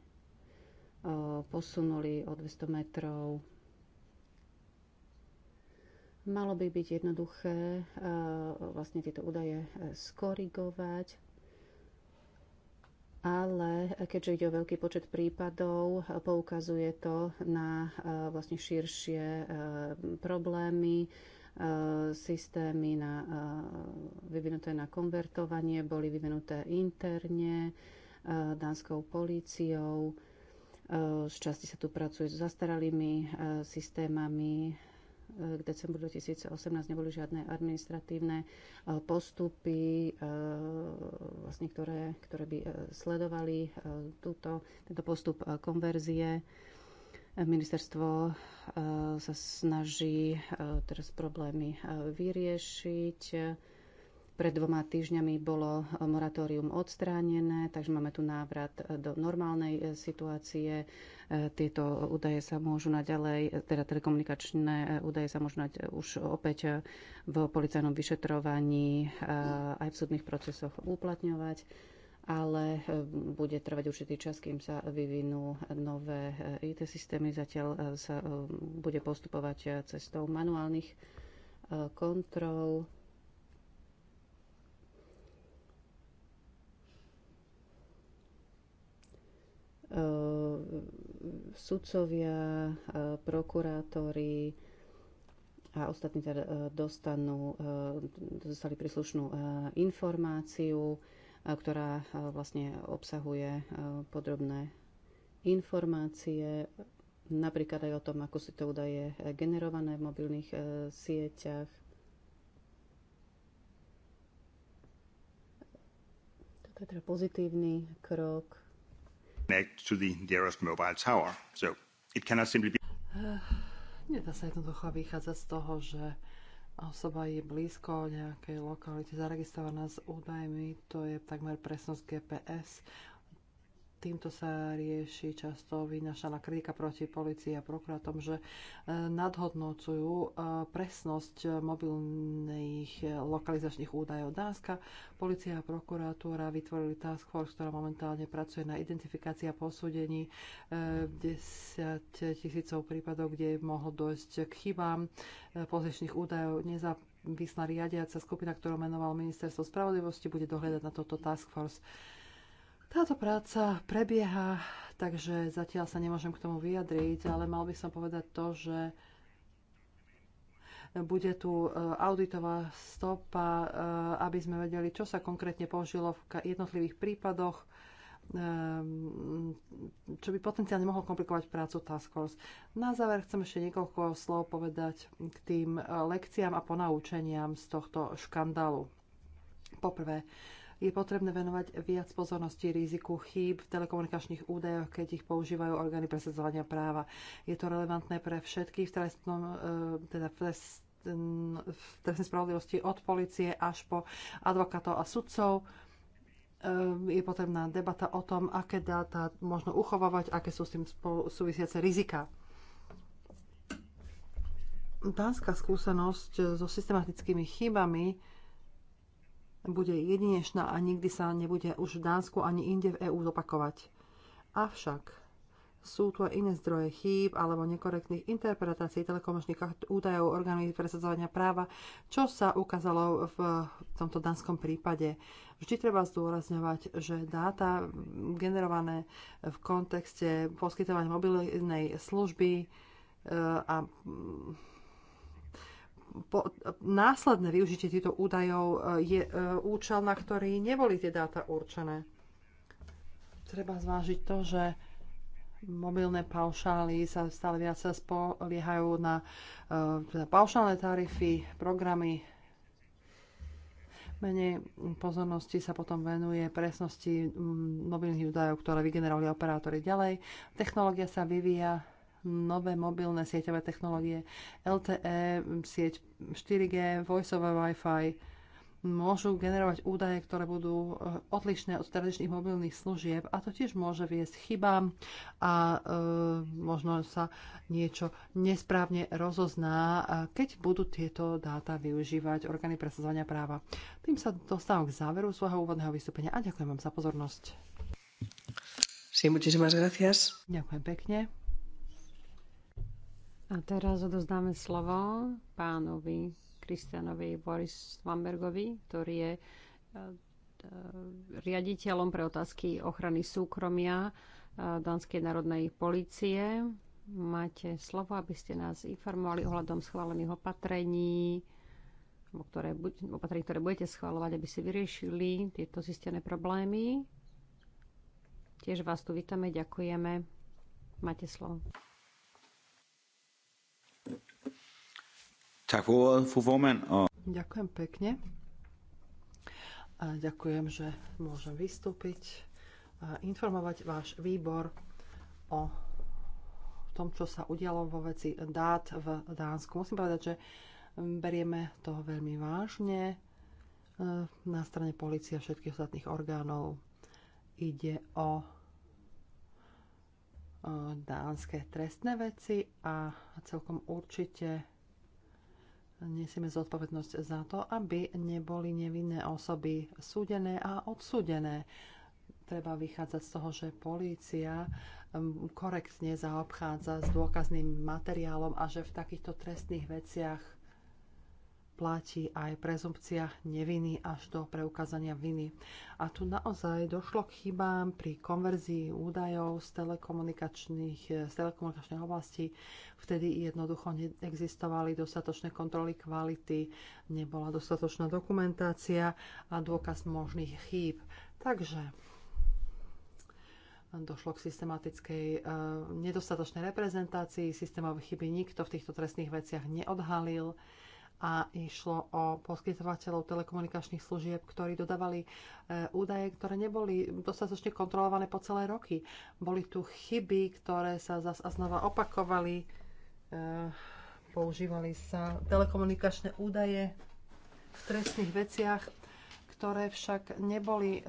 posunuli o 200 metrov. Malo by byť jednoduché vlastne tieto údaje skorigovať ale keďže ide o veľký počet prípadov, poukazuje to na e, vlastne širšie e, problémy, e, systémy na, vyvinuté na konvertovanie, boli vyvinuté interne dánskou políciou. Z časti sa tu pracuje s zastaralými systémami k decembru 2018 neboli žiadne administratívne e, postupy, e, vlastne, ktoré, ktoré by e, sledovali túto, tento postup konverzie. Ministerstvo sa snaží teraz problémy vyriešiť pred dvoma týždňami bolo e, moratórium odstránené, takže máme tu návrat e, do normálnej e, situácie. Tieto údaje sa môžu naďalej, teda telekomunikačné údaje sa môžu nať už opäť v policajnom vyšetrovaní aj v súdnych procesoch uplatňovať ale bude trvať určitý čas, kým sa vyvinú nové IT systémy. Zatiaľ sa bude postupovať cestou manuálnych kontrol E, sudcovia, e, prokurátori a ostatní teda e, dostanú, dostali príslušnú informáciu, ktorá vlastne obsahuje podrobné informácie, napríklad aj o tom, ako sú to údaje generované v mobilných sieťach.
Toto je teda pozitívny krok to the nearest mobile tower. So it cannot simply be... Nedá sa jednoducho vychádzať z toho, že osoba je blízko nejakej lokality zaregistrovaná s údajmi, to je takmer presnosť GPS týmto sa rieši často vynašaná kritika proti policii a prokurátom, že e, nadhodnocujú e, presnosť mobilných e, lokalizačných údajov Dánska. Polícia a prokuratúra vytvorili task force, ktorá momentálne pracuje na identifikácii a posúdení 10 tisícov prípadov, kde mohlo dojsť k chybám pozičných údajov. Nezap Výsna riadiaca skupina, ktorú menoval ministerstvo spravodlivosti, bude dohľadať na toto task force. Táto práca prebieha, takže zatiaľ sa nemôžem k tomu vyjadriť, ale mal by som povedať to, že bude tu e, auditová stopa, e, aby sme vedeli, čo sa konkrétne použilo v jednotlivých prípadoch, e, čo by potenciálne mohlo komplikovať prácu Task Force. Na záver chcem ešte niekoľko slov povedať k tým lekciám a ponaučeniam z tohto škandálu. Poprvé, je potrebné venovať viac pozornosti riziku chýb v telekomunikačných údajoch, keď ich používajú orgány presadzovania práva. Je to relevantné pre všetkých v trestnom, e, teda v trestnej spravodlivosti od policie až po advokátov a sudcov e, je potrebná debata o tom, aké dáta možno uchovávať, aké sú s tým súvisiace rizika. Dánska skúsenosť so systematickými chybami bude jedinečná a nikdy sa nebude už v Dánsku ani inde v EÚ zopakovať. Avšak sú tu aj iné zdroje chýb alebo nekorektných interpretácií telekomunikačných údajov orgánov presadzovania práva, čo sa ukázalo v tomto danskom prípade. Vždy treba zdôrazňovať, že dáta generované v kontexte poskytovania mobilnej služby e, a po, následné využitie týchto údajov e, je e, účel, na ktorý neboli tie dáta určené. Treba zvážiť to, že mobilné paušály sa stále viac spoliehajú na teda paušálne tarify, programy. Menej pozornosti sa potom venuje presnosti mobilných údajov, ktoré vygenerovali operátori ďalej. Technológia sa vyvíja, nové mobilné sieťové technológie LTE, sieť 4G, voiceové Wi-Fi môžu generovať údaje, ktoré budú eh, odlišné od tradičných mobilných služieb a to tiež môže viesť chybám a e, možno sa niečo nesprávne rozozná, keď budú tieto dáta využívať orgány presadzovania práva. Tým sa dostávam k záveru svojho úvodného vystúpenia a ďakujem vám za pozornosť. Sí, muchísimas gracias. Ďakujem pekne. A teraz odozdáme slovo pánovi
Kristianovi Boris Vambergovi, ktorý je e, e, riaditeľom pre otázky ochrany súkromia e, Danskej národnej policie. Máte slovo, aby ste nás informovali ohľadom schválených opatrení, ktoré, opatrení, ktoré budete schváľovať, aby ste vyriešili tieto zistené problémy. Tiež vás tu vítame, ďakujeme. Máte
slovo.
Tak for formand. Og...
Ďakujem pekne. A ďakujem, že môžem vystúpiť a informovať váš výbor o tom, čo sa udialo vo veci dát v Dánsku. Musím povedať, že berieme to veľmi vážne. E, na strane policie a všetkých ostatných orgánov ide o e, dánske trestné veci a celkom určite nesieme zodpovednosť za to, aby neboli nevinné osoby súdené a odsúdené. Treba vychádzať z toho, že polícia um, korektne zaobchádza s dôkazným materiálom a že v takýchto trestných veciach platí aj prezumpcia neviny až do preukázania viny. A tu naozaj došlo k chybám pri konverzii údajov z, telekomunikačných, z telekomunikačnej oblasti. Vtedy jednoducho neexistovali dostatočné kontroly kvality, nebola dostatočná dokumentácia a dôkaz možných chýb. Takže došlo k systematickej e, nedostatočnej reprezentácii, systémové chyby nikto v týchto trestných veciach neodhalil a išlo o poskytovateľov telekomunikačných služieb, ktorí dodávali e, údaje, ktoré neboli dostatočne kontrolované po celé roky. Boli tu chyby, ktoré sa zas a znova opakovali. E, používali sa telekomunikačné údaje v trestných veciach, ktoré však neboli e,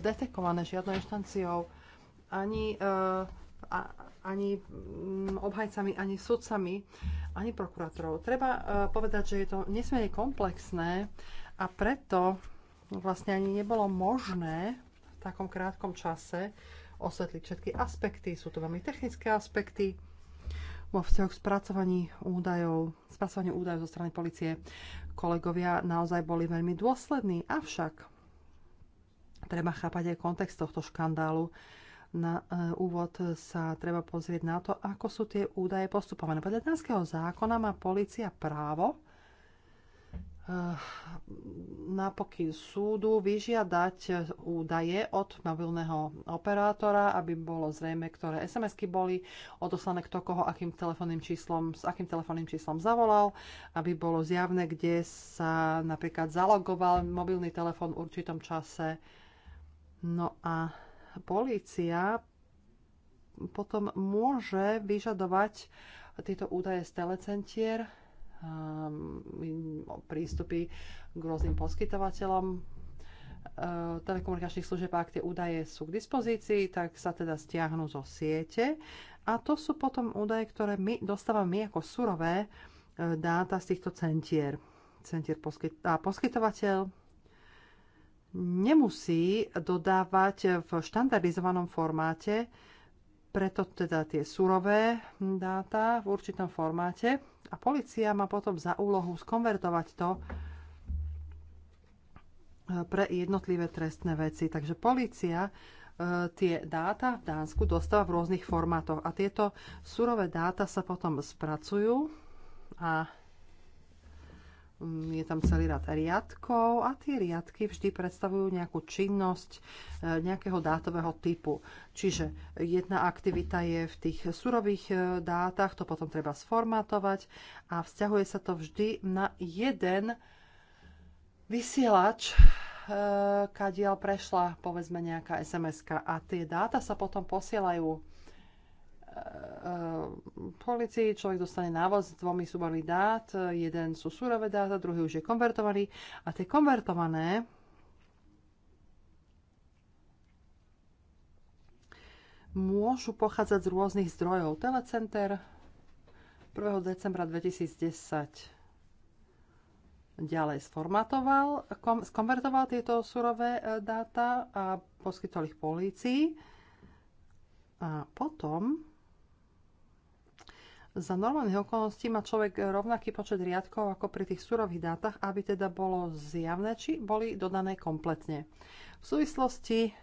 detekované žiadnou inštanciou ani e, ani mm, obhajcami, ani sudcami, ani prokurátorov. Treba e, povedať, že je to nesmierne komplexné a preto vlastne ani nebolo možné v takom krátkom čase osvetliť všetky aspekty. Sú to veľmi technické aspekty vo vzťahu k spracovaní údajov, spracovaní údajov zo strany policie. Kolegovia naozaj boli veľmi dôslední, avšak treba chápať aj kontext tohto škandálu na e, úvod sa treba pozrieť na to, ako sú tie údaje postupované. Podľa danského zákona má policia právo e, na pokyn súdu vyžiadať údaje od mobilného operátora, aby bolo zrejme, ktoré SMS-ky boli odoslané kto koho, akým telefónnym číslom, s akým telefónnym číslom zavolal, aby bolo zjavné, kde sa napríklad zalogoval mobilný telefón v určitom čase. No a polícia potom môže vyžadovať tieto údaje z telecentier, um, prístupy k rôznym poskytovateľom uh, telekomunikačných služieb, ak tie údaje sú k dispozícii, tak sa teda stiahnu zo siete. A to sú potom údaje, ktoré my dostávame my ako surové uh, dáta z týchto centier. Centier poskyt- a poskytovateľ nemusí dodávať v štandardizovanom formáte, preto teda tie surové dáta v určitom formáte a policia má potom za úlohu skonvertovať to e, pre jednotlivé trestné veci. Takže policia e, tie dáta v Dánsku dostáva v rôznych formátoch a tieto surové dáta sa potom spracujú a Mm, je tam celý rad riadkov a tie riadky vždy predstavujú nejakú činnosť e, nejakého dátového typu. Čiže jedna aktivita je v tých surových e, dátach, to potom treba sformatovať a vzťahuje sa to vždy na jeden vysielač, e, kadiaľ prešla povedzme nejaká sms -ka. a tie dáta sa potom posielajú Eh, policii, človek dostane návoz s dvomi súbormi dát, jeden sú surové dáta, druhý už je konvertovaný a tie konvertované môžu pochádzať z rôznych zdrojov. Telecenter 1. decembra 2010 ďalej sformatoval, kom, skonvertoval tieto surové eh, dáta a poskytol ich polícii. A potom za normálnych okolností má človek rovnaký počet riadkov ako pri tých surových dátach, aby teda bolo zjavné, či boli dodané kompletne. V súvislosti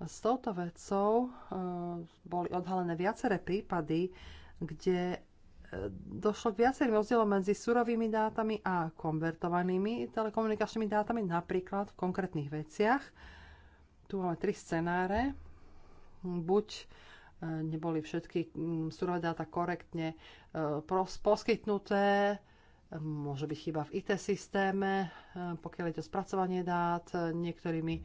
s touto vecou e, boli odhalené viaceré prípady, kde e, došlo k viacerým rozdielom medzi surovými dátami a konvertovanými telekomunikačnými dátami, napríklad v konkrétnych veciach. Tu máme tri scenáre. Buď neboli všetky mm, surové dáta korektne e, poskytnuté, môže byť chyba v IT systéme, e, pokiaľ je to spracovanie dát e, niektorými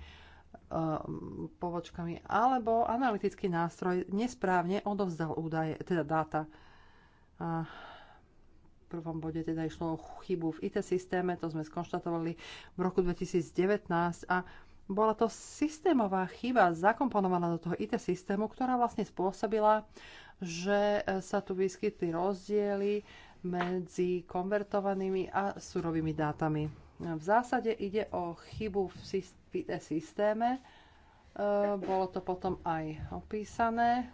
povočkami, alebo analytický nástroj nesprávne odovzdal údaje, teda dáta. A v prvom bode teda išlo o chybu v IT systéme, to sme skonštatovali v roku 2019 a bola to systémová chyba zakomponovaná do toho IT systému, ktorá vlastne spôsobila, že e, sa tu vyskytli rozdiely medzi konvertovanými a surovými dátami. V zásade ide o chybu v IT systéme. E, bolo to potom aj opísané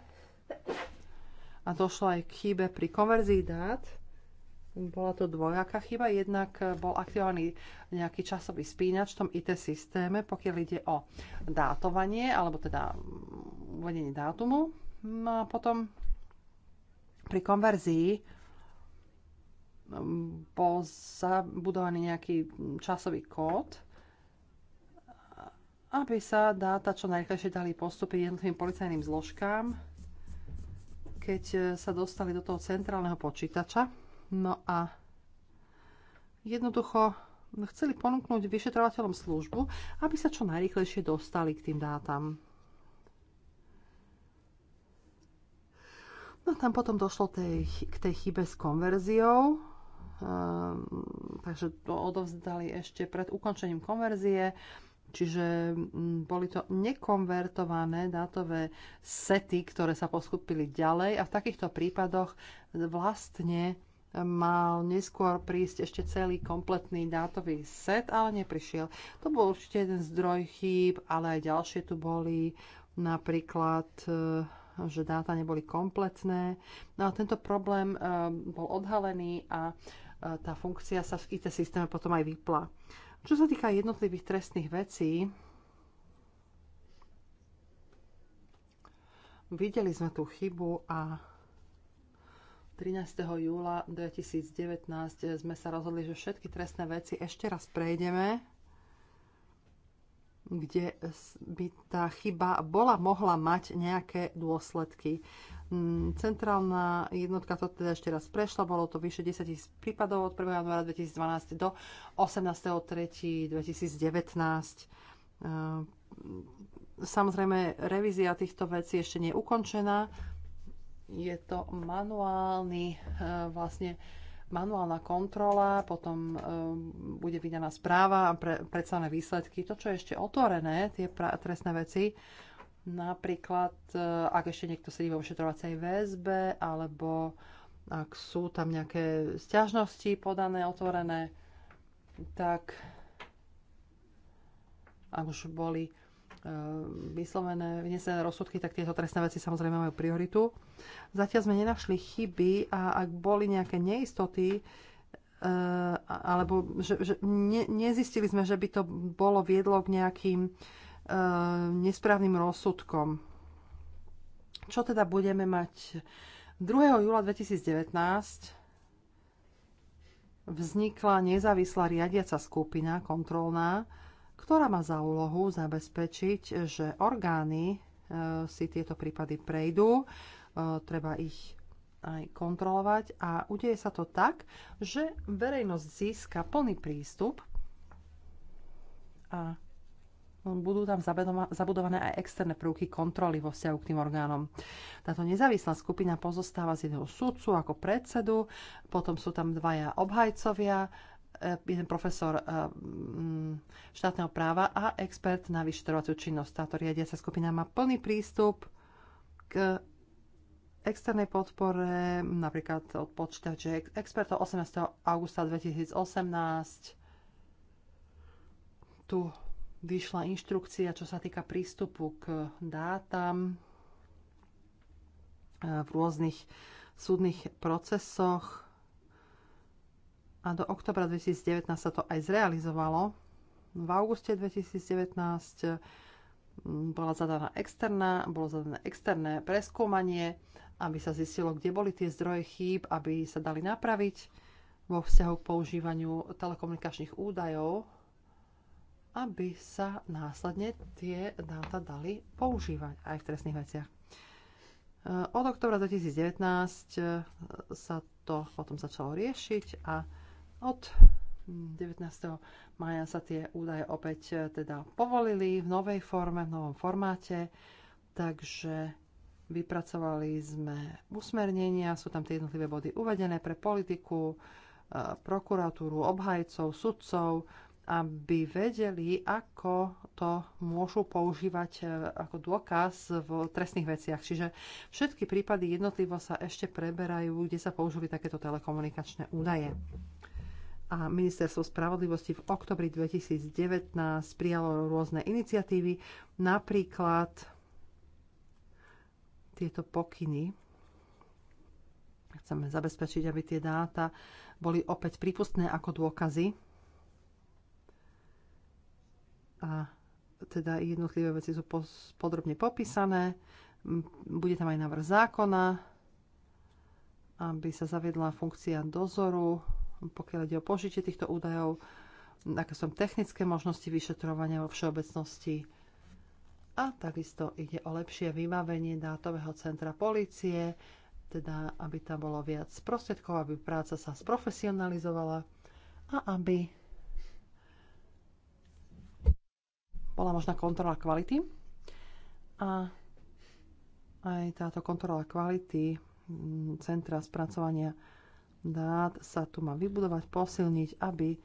a došlo aj k chybe pri konverzii dát bola to dvojaká chyba. Jednak eh, bol aktivovaný nejaký časový spínač v tom IT systéme, pokiaľ ide o dátovanie, alebo teda mm, uvedenie dátumu. No a potom pri konverzii mm, bol zabudovaný nejaký mm, časový kód, aby sa dáta čo najrychlejšie dali postupy jednotlivým policajným zložkám, keď eh, sa dostali do toho centrálneho počítača No a jednoducho chceli ponúknuť vyšetrovateľom službu, aby sa čo najrychlejšie dostali k tým dátam. No tam potom došlo tej, k tej chybe s konverziou, ehm, takže to odovzdali ešte pred ukončením konverzie, čiže mm, boli to nekonvertované dátové sety, ktoré sa poskupili ďalej a v takýchto prípadoch vlastne mal neskôr prísť ešte celý kompletný dátový set, ale neprišiel. To bol určite jeden zdroj chýb, ale aj ďalšie tu boli, napríklad, e, že dáta neboli kompletné. No a tento problém e, bol odhalený a e, tá funkcia sa v IT systéme potom aj vypla. Čo sa týka jednotlivých trestných vecí, videli sme tú chybu a 13. júla 2019 sme sa rozhodli, že všetky trestné veci ešte raz prejdeme, kde by tá chyba bola mohla mať nejaké dôsledky. Mm, centrálna jednotka to teda ešte raz prešla, bolo to vyše 10 tisíc prípadov od 1. januára 2012 do 18.3.2019. Ehm, samozrejme, revízia týchto vecí ešte nie je ukončená je to manuálny eh, vlastne manuálna kontrola, potom eh, bude vydaná správa a pre, predstavené výsledky. To, čo je ešte otvorené, tie pra, trestné veci, napríklad, eh, ak ešte niekto sedí vo vyšetrovacej väzbe, alebo ak sú tam nejaké stiažnosti podané, otvorené, tak ak už boli Ehm, vyslovené, vynesené rozsudky, tak tieto trestné veci samozrejme majú prioritu. Zatiaľ sme nenašli chyby a ak boli nejaké neistoty, ehm, alebo že, že ne, nezistili sme, že by to bolo viedlo k nejakým ehm, nesprávnym rozsudkom. Čo teda budeme mať 2. júla 2019 vznikla nezávislá riadiaca skupina kontrolná, ktorá má za úlohu zabezpečiť, že orgány e, si tieto prípady prejdú, e, treba ich aj kontrolovať a udeje sa to tak, že verejnosť získa plný prístup a budú tam zabudované aj externé prvky kontroly vo vzťahu k tým orgánom. Táto nezávislá skupina pozostáva z jedného sudcu ako predsedu, potom sú tam dvaja obhajcovia E, jeden profesor e, mm, štátneho práva a expert na vyšetrovaciu činnosť. Táto riadiaca skupina má plný prístup k externej podpore, napríklad od počítače expertov 18. augusta 2018. Tu vyšla inštrukcia, čo sa týka prístupu k dátam e, v rôznych súdnych procesoch a do oktobra 2019 sa to aj zrealizovalo. V auguste 2019 mm, bola zadaná externá, bolo zadané externé preskúmanie, aby sa zistilo, kde boli tie zdroje chýb, aby sa dali napraviť vo vzťahu k používaniu telekomunikačných údajov, aby sa následne tie dáta dali používať aj v trestných veciach. Od oktobra 2019 e, sa to potom začalo riešiť a od 19. Hm, maja sa tie údaje opäť e, teda povolili v novej forme, v novom formáte, takže vypracovali sme usmernenia, sú tam tie jednotlivé body uvedené pre politiku, e, prokuratúru, obhajcov, sudcov, aby vedeli, ako to môžu používať e, ako dôkaz v trestných veciach. Čiže všetky prípady jednotlivo sa ešte preberajú, kde sa použili takéto telekomunikačné údaje a Ministerstvo spravodlivosti v oktobri 2019 prijalo rôzne iniciatívy, napríklad tieto pokyny. Chceme zabezpečiť, aby tie dáta boli opäť prípustné ako dôkazy. A teda jednotlivé veci sú podrobne popísané. Bude tam aj návrh zákona, aby sa zaviedla funkcia dozoru pokiaľ ide o požitie týchto údajov, aké sú technické možnosti vyšetrovania vo všeobecnosti a takisto ide o lepšie vybavenie dátového centra policie, teda aby tam bolo viac prostriedkov, aby práca sa sprofesionalizovala a aby bola možná kontrola kvality. A aj táto kontrola kvality mm, centra spracovania dát sa tu má vybudovať, posilniť, aby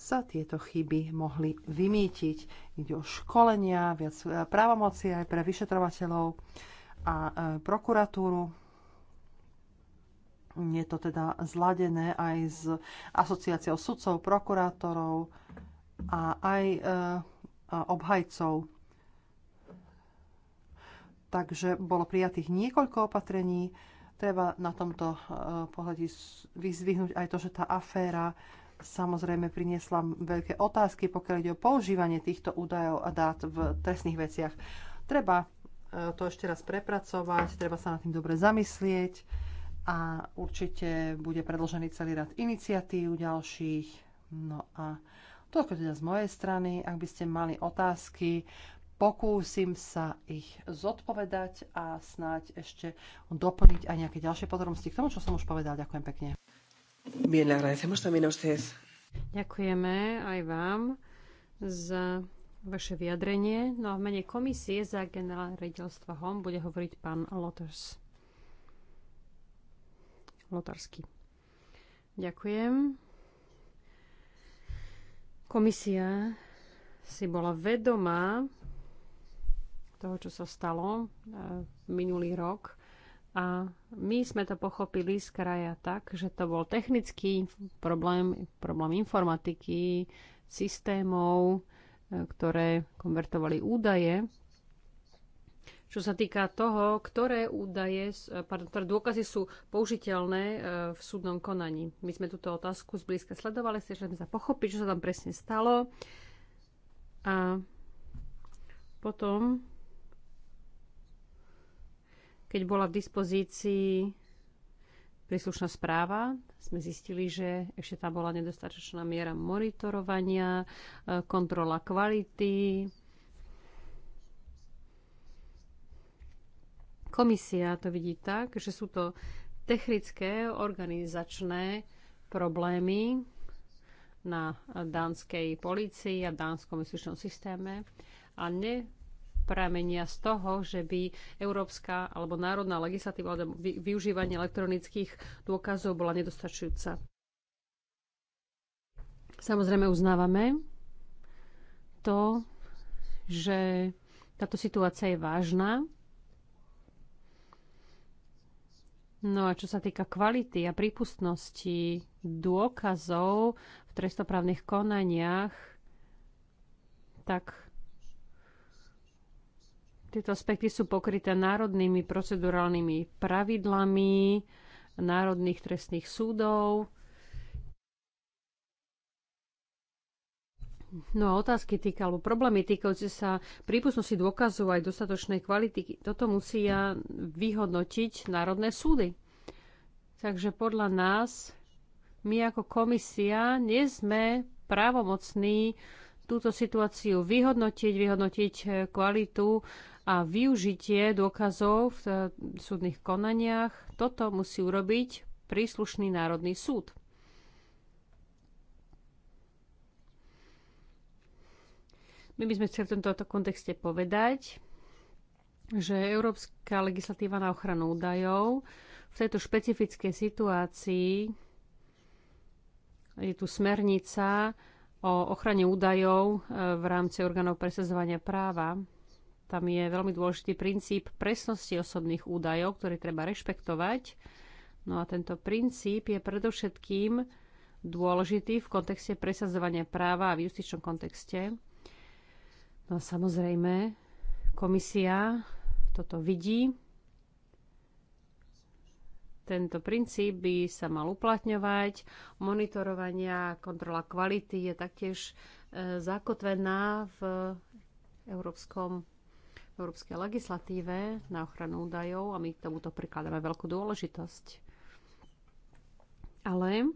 sa tieto chyby mohli vymýtiť. Ide o školenia, viac e, právomoci aj pre vyšetrovateľov a e, prokuratúru. Je to teda zladené aj s asociáciou sudcov, prokurátorov a aj e, obhajcov. Takže bolo prijatých niekoľko opatrení, Treba na tomto eh, pohľadí vyzvihnúť aj to, že tá aféra samozrejme priniesla veľké otázky, pokiaľ ide o používanie týchto údajov a dát v trestných veciach. Treba eh, to ešte raz prepracovať, treba sa nad tým dobre zamyslieť a určite bude predložený celý rad iniciatív ďalších. No a toľko teda z mojej strany. Ak by ste mali otázky, pokúsim sa ich zodpovedať a snáď ešte doplniť aj nejaké ďalšie podrobnosti k tomu, čo som už povedal. Ďakujem pekne. Bien, agradecemos también a ustedes.
Ďakujeme aj vám za vaše vyjadrenie. No a v mene komisie za generálne rediteľstva HOM bude hovoriť pán Lotars. Lotarsky. Ďakujem. Komisia si bola vedomá toho, čo sa stalo e, minulý rok. A my sme to pochopili z kraja tak, že to bol technický problém, problém informatiky, systémov, e, ktoré konvertovali údaje. Čo sa týka toho, ktoré údaje, pardon, ktoré dôkazy sú použiteľné e, v súdnom konaní. My sme túto otázku zblízka sledovali, chceli sme sa pochopiť, čo sa tam presne stalo. A potom keď bola v dispozícii príslušná správa, sme zistili, že ešte tam bola nedostatočná miera monitorovania, e, kontrola kvality. Komisia to vidí tak, že sú to technické, organizačné problémy na dánskej policii a dánskom justičnom systéme a ne pramenia z toho, že by európska alebo národná legislatíva alebo využívanie elektronických dôkazov bola nedostačujúca. Samozrejme uznávame to, že táto situácia je vážna. No a čo sa týka kvality a prípustnosti dôkazov v trestoprávnych konaniach, tak tieto aspekty sú pokryté národnými procedurálnymi pravidlami národných trestných súdov. No a otázky týka, alebo problémy týkajúce sa prípustnosti dôkazov aj dostatočnej kvality, toto musia vyhodnotiť národné súdy. Takže podľa nás, my ako komisia nie sme právomocní túto situáciu vyhodnotiť, vyhodnotiť eh, kvalitu a využitie dôkazov v eh, súdnych konaniach. Toto musí urobiť príslušný národný súd. My by sme chceli v tomto kontexte povedať, že Európska legislatíva na ochranu údajov v tejto špecifickej situácii je tu smernica o ochrane údajov e, v rámci orgánov presadzovania práva. Tam je veľmi dôležitý princíp presnosti osobných údajov, ktorý treba rešpektovať. No a tento princíp je predovšetkým dôležitý v kontexte presadzovania práva a v justičnom kontexte. No a samozrejme, komisia toto vidí tento princíp by sa mal uplatňovať. Monitorovania, a kontrola kvality je taktiež e, zakotvená v európskom európskej legislatíve na ochranu údajov a my tomuto prikladáme veľkú dôležitosť. Ale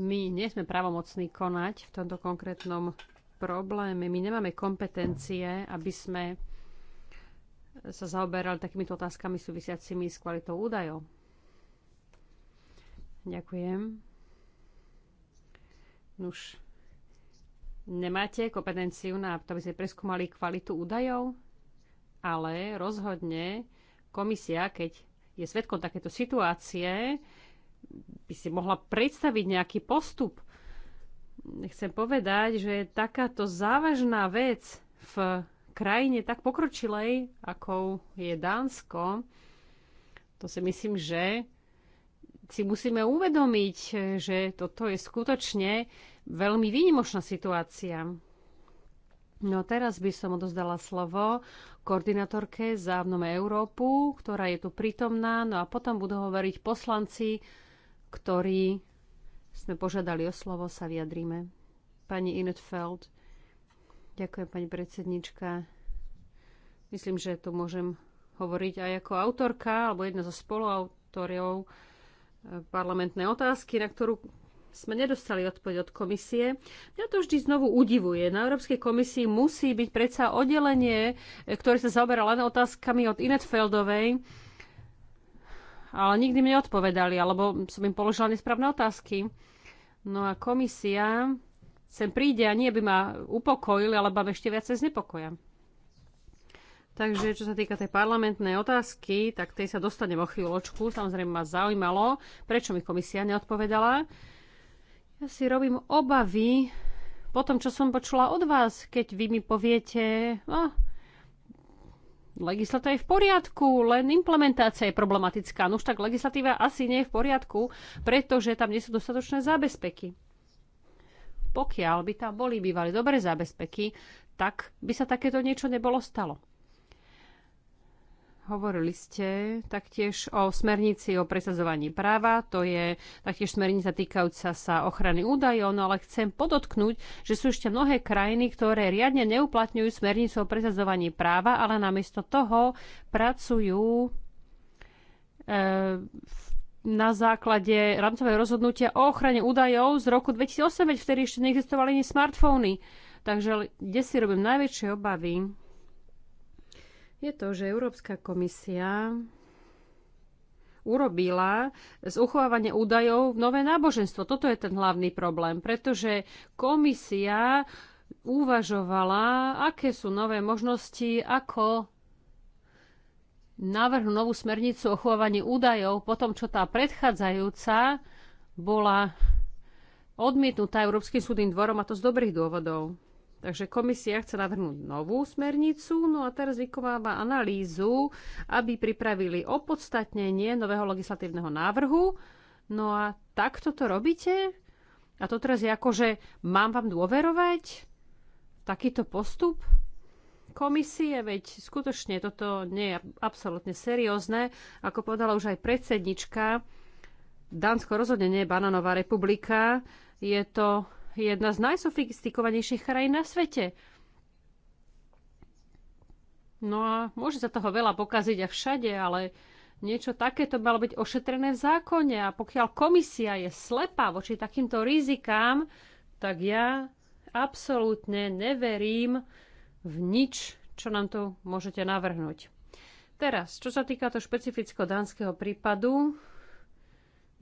my nie sme pravomocní konať v tomto konkrétnom probléme. My nemáme kompetencie, aby sme sa zaoberali takýmito otázkami súvisiacimi s kvalitou údajov. Ďakujem. Nuž, nemáte kompetenciu na to, aby ste preskúmali kvalitu údajov, ale rozhodne komisia, keď je svetkom takéto situácie, by si mohla predstaviť nejaký postup. Chcem povedať, že takáto závažná vec v krajine tak pokročilej, ako je Dánsko, to si myslím, že si musíme uvedomiť, že toto je skutočne veľmi výnimočná situácia. No teraz by som odozdala slovo koordinátorke za Obnome Európu, ktorá je tu prítomná, no a potom budú hovoriť poslanci, ktorí sme požiadali o slovo, sa vyjadríme. Pani Inetfeld, Ďakujem, pani predsednička. Myslím, že tu môžem hovoriť aj ako autorka alebo jedna zo spoluautorov eh, parlamentnej otázky, na ktorú sme nedostali odpoveď od komisie. Mňa to vždy znovu udivuje. Na Európskej komisii musí byť predsa oddelenie, eh, ktoré sa zaoberá len otázkami od Inetfeldovej, ale nikdy mi neodpovedali, alebo som im položila nesprávne otázky. No a komisia sem príde a nie by ma upokojil, alebo ešte viacej znepokoja. Takže čo sa týka tej parlamentnej otázky, tak tej sa dostanem o chvíľočku. Samozrejme ma zaujímalo, prečo mi komisia neodpovedala. Ja si robím obavy po tom, čo som počula od vás, keď vy mi poviete, no, legislatíva je v poriadku, len implementácia je problematická. No už tak legislatíva asi nie je v poriadku, pretože tam nie sú dostatočné zábezpeky. Pokiaľ by tam boli bývali dobré zábezpeky, tak by sa takéto niečo nebolo stalo. Hovorili ste taktiež o smernici o presadzovaní práva, to je taktiež smernica týkajúca sa ochrany údajov, no ale chcem podotknúť, že sú ešte mnohé krajiny, ktoré riadne neuplatňujú smernicu o presadzovaní práva, ale namiesto toho pracujú e, v na základe rámcového rozhodnutia o ochrane údajov z roku 2008, veď vtedy ešte neexistovali ani smartfóny. Takže kde si robím najväčšie obavy, je to, že Európska komisia urobila z uchovávania údajov nové náboženstvo. Toto je ten hlavný problém, pretože komisia uvažovala, aké sú nové možnosti, ako navrhnú novú smernicu o chovaní údajov po tom, čo tá predchádzajúca bola odmietnutá Európskym súdnym dvorom a to z dobrých dôvodov. Takže komisia chce navrhnúť novú smernicu, no a teraz vykonáva analýzu, aby pripravili opodstatnenie nového legislatívneho návrhu. No a takto to robíte? A to teraz je ako, že mám vám dôverovať? Takýto postup? komisie, veď skutočne toto nie je absolútne seriózne. Ako povedala už aj predsednička, Dánsko rozhodne nie je bananová republika. Je to jedna z najsofistikovanejších krajín na svete. No a môže sa toho veľa pokaziť a všade, ale niečo takéto malo byť ošetrené v zákone. A pokiaľ komisia je slepá voči takýmto rizikám, tak ja absolútne neverím v nič, čo nám tu môžete navrhnúť. Teraz, čo sa týka to špecifického dánskeho prípadu,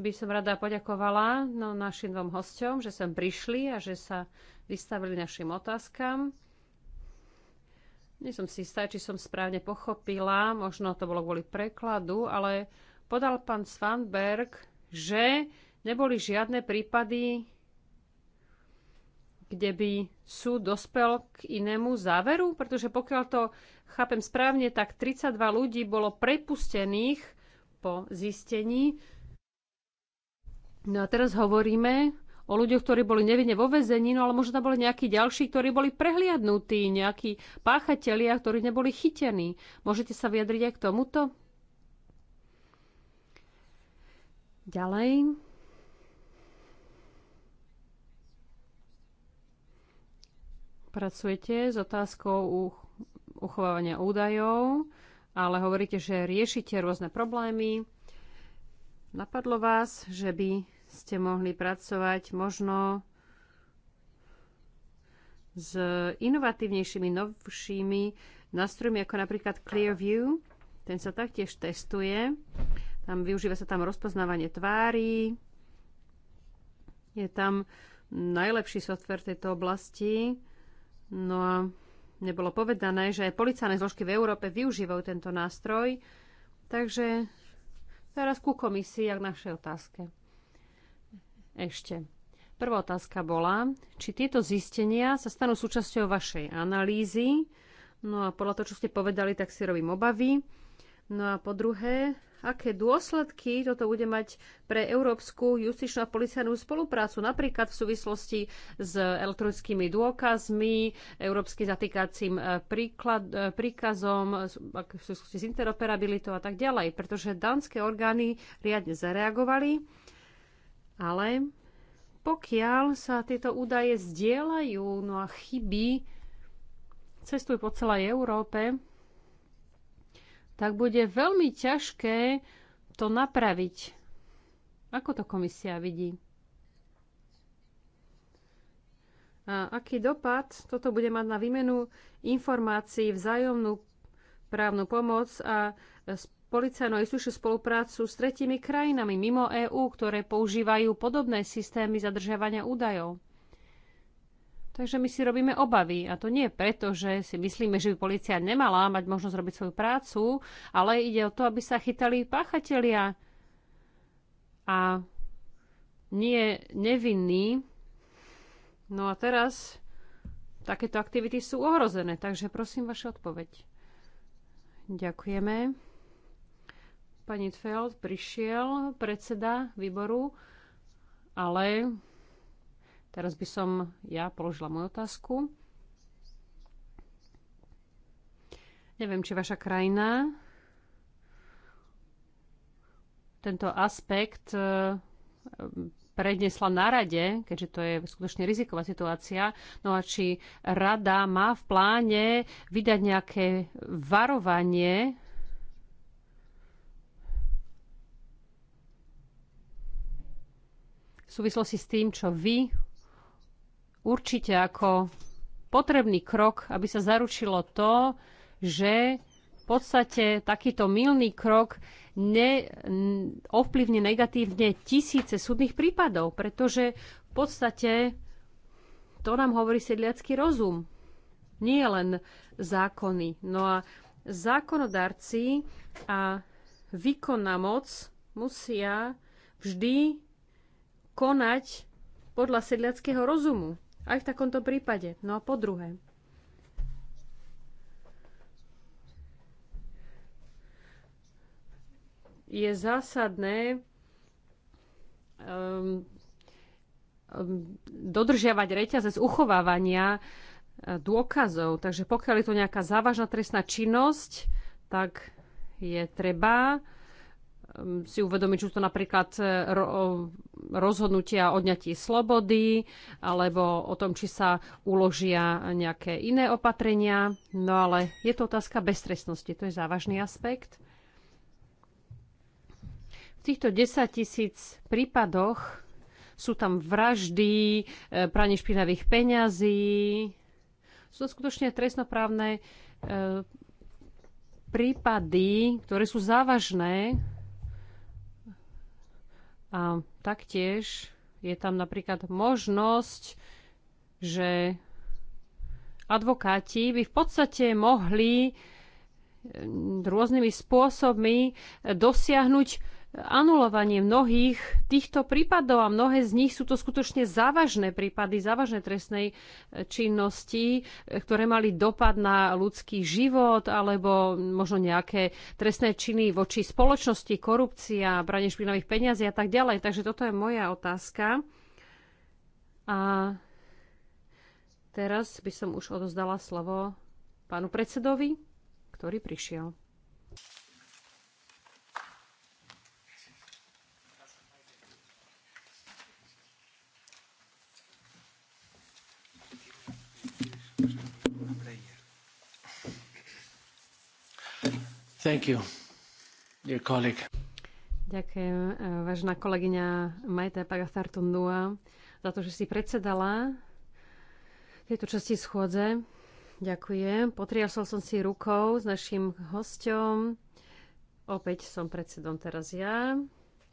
by som rada poďakovala no, našim dvom hosťom, že sem prišli a že sa vystavili našim otázkam. Nie som si istá, či som správne pochopila, možno to bolo kvôli prekladu, ale podal pán Svanberg, že neboli žiadne prípady kde by súd dospel k inému záveru? Pretože pokiaľ to chápem správne, tak 32 ľudí bolo prepustených po zistení. No a teraz hovoríme o ľuďoch, ktorí boli nevinne vo vezení, no ale možno tam boli nejakí ďalší, ktorí boli prehliadnutí, nejakí páchatelia, ktorí neboli chytení. Môžete sa vyjadriť aj k tomuto? Ďalej. pracujete s otázkou uchovávania údajov, ale hovoríte, že riešite rôzne problémy. Napadlo vás, že by ste mohli pracovať možno s inovatívnejšími, novšími nástrojmi, ako napríklad Clearview. Ten sa taktiež testuje. Tam využíva sa tam rozpoznávanie tvári. Je tam najlepší software tejto oblasti. No a nebolo povedané, že aj policajné zložky v Európe využívajú tento nástroj. Takže teraz ku komisii a k našej otázke. Ešte. Prvá otázka bola, či tieto zistenia sa stanú súčasťou vašej analýzy. No a podľa toho, čo ste povedali, tak si robím obavy. No a po druhé, aké dôsledky toto bude mať pre európsku justičnú a policajnú spoluprácu, napríklad v súvislosti s elektronickými dôkazmi, európskym zatýkacím e, príklad, e, príkazom, v súvislosti s interoperabilitou a tak ďalej, pretože dánske orgány riadne zareagovali, ale pokiaľ sa tieto údaje zdieľajú, no a chyby cestujú po celej Európe, tak bude veľmi ťažké to napraviť. Ako to komisia vidí? A aký dopad toto bude mať na výmenu informácií, vzájomnú právnu pomoc a policajnú istúšiu spoluprácu s tretími krajinami mimo EÚ, ktoré používajú podobné systémy zadržiavania údajov. Takže my si robíme obavy. A to nie preto, že si myslíme, že by policia nemala mať možnosť robiť svoju prácu, ale ide o to, aby sa chytali páchatelia. A nie nevinní. No a teraz takéto aktivity sú ohrozené, takže prosím vaše odpoveď. Ďakujeme. Pani Tfeld prišiel, predseda výboru, ale Teraz by som ja položila moju otázku. Neviem, či vaša krajina tento aspekt e, prednesla na rade, keďže to je skutočne riziková situácia, no a či rada má v pláne vydať nejaké varovanie v súvislosti s tým, čo vy určite ako potrebný krok, aby sa zaručilo to, že v podstate takýto milný krok ovplyvne negatívne tisíce súdnych prípadov, pretože v podstate to nám hovorí sedliacký rozum, nie len zákony. No a zákonodarci a výkonná moc musia vždy konať podľa sedliackého rozumu. Aj v takomto prípade. No a po druhé, je zásadné um, um, dodržiavať reťazec uchovávania e, dôkazov. Takže pokiaľ je to nejaká závažná trestná činnosť, tak je treba um, si uvedomiť, že to napríklad e, rozhodnutia o odňatí slobody alebo o tom, či sa uložia nejaké iné opatrenia. No ale je to otázka beztrestnosti, to je závažný aspekt. V týchto 10 tisíc prípadoch sú tam vraždy, e, pranie špinavých peňazí. Sú to skutočne trestnoprávne e, prípady, ktoré sú závažné, a taktiež je tam napríklad možnosť, že advokáti by v podstate mohli mm, rôznymi spôsobmi dosiahnuť anulovanie mnohých týchto prípadov a mnohé z nich sú to skutočne závažné prípady, závažné trestnej e, činnosti, e, ktoré mali dopad na ľudský život alebo možno nejaké trestné činy voči spoločnosti, korupcia, branie špinavých peniazí a tak ďalej. Takže toto je moja otázka. A teraz by som už odozdala slovo pánu predsedovi, ktorý prišiel.
Thank you, dear colleague.
Ďakujem, eh, vážená kolegyňa Majta Pagathartundua, za to, že si predsedala tejto časti schôdze. Ďakujem. Potriasol som si rukou s našim hosťom. Opäť som predsedom teraz ja.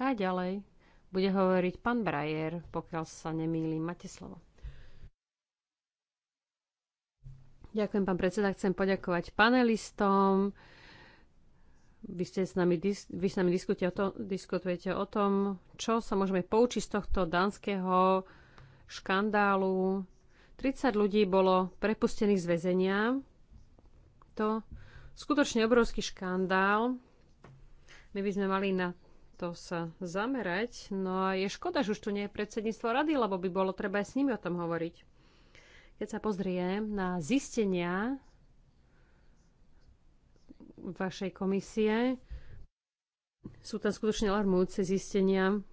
A ďalej bude hovoriť pán Brajer, pokiaľ sa nemýlim. Máte slovo. Ďakujem, pán predseda. Chcem poďakovať panelistom, vy, ste s nami, vy s nami diskutujete o, to, diskutujete o tom, čo sa môžeme poučiť z tohto dánskeho škandálu. 30 ľudí bolo prepustených z väzenia. To skutočne obrovský škandál. My by sme mali na to sa zamerať. No a je škoda, že už tu nie je predsedníctvo rady, lebo by bolo treba aj s nimi o tom hovoriť. Keď sa pozriem na zistenia vašej komisie. Sú tam skutočne alarmujúce zistenia.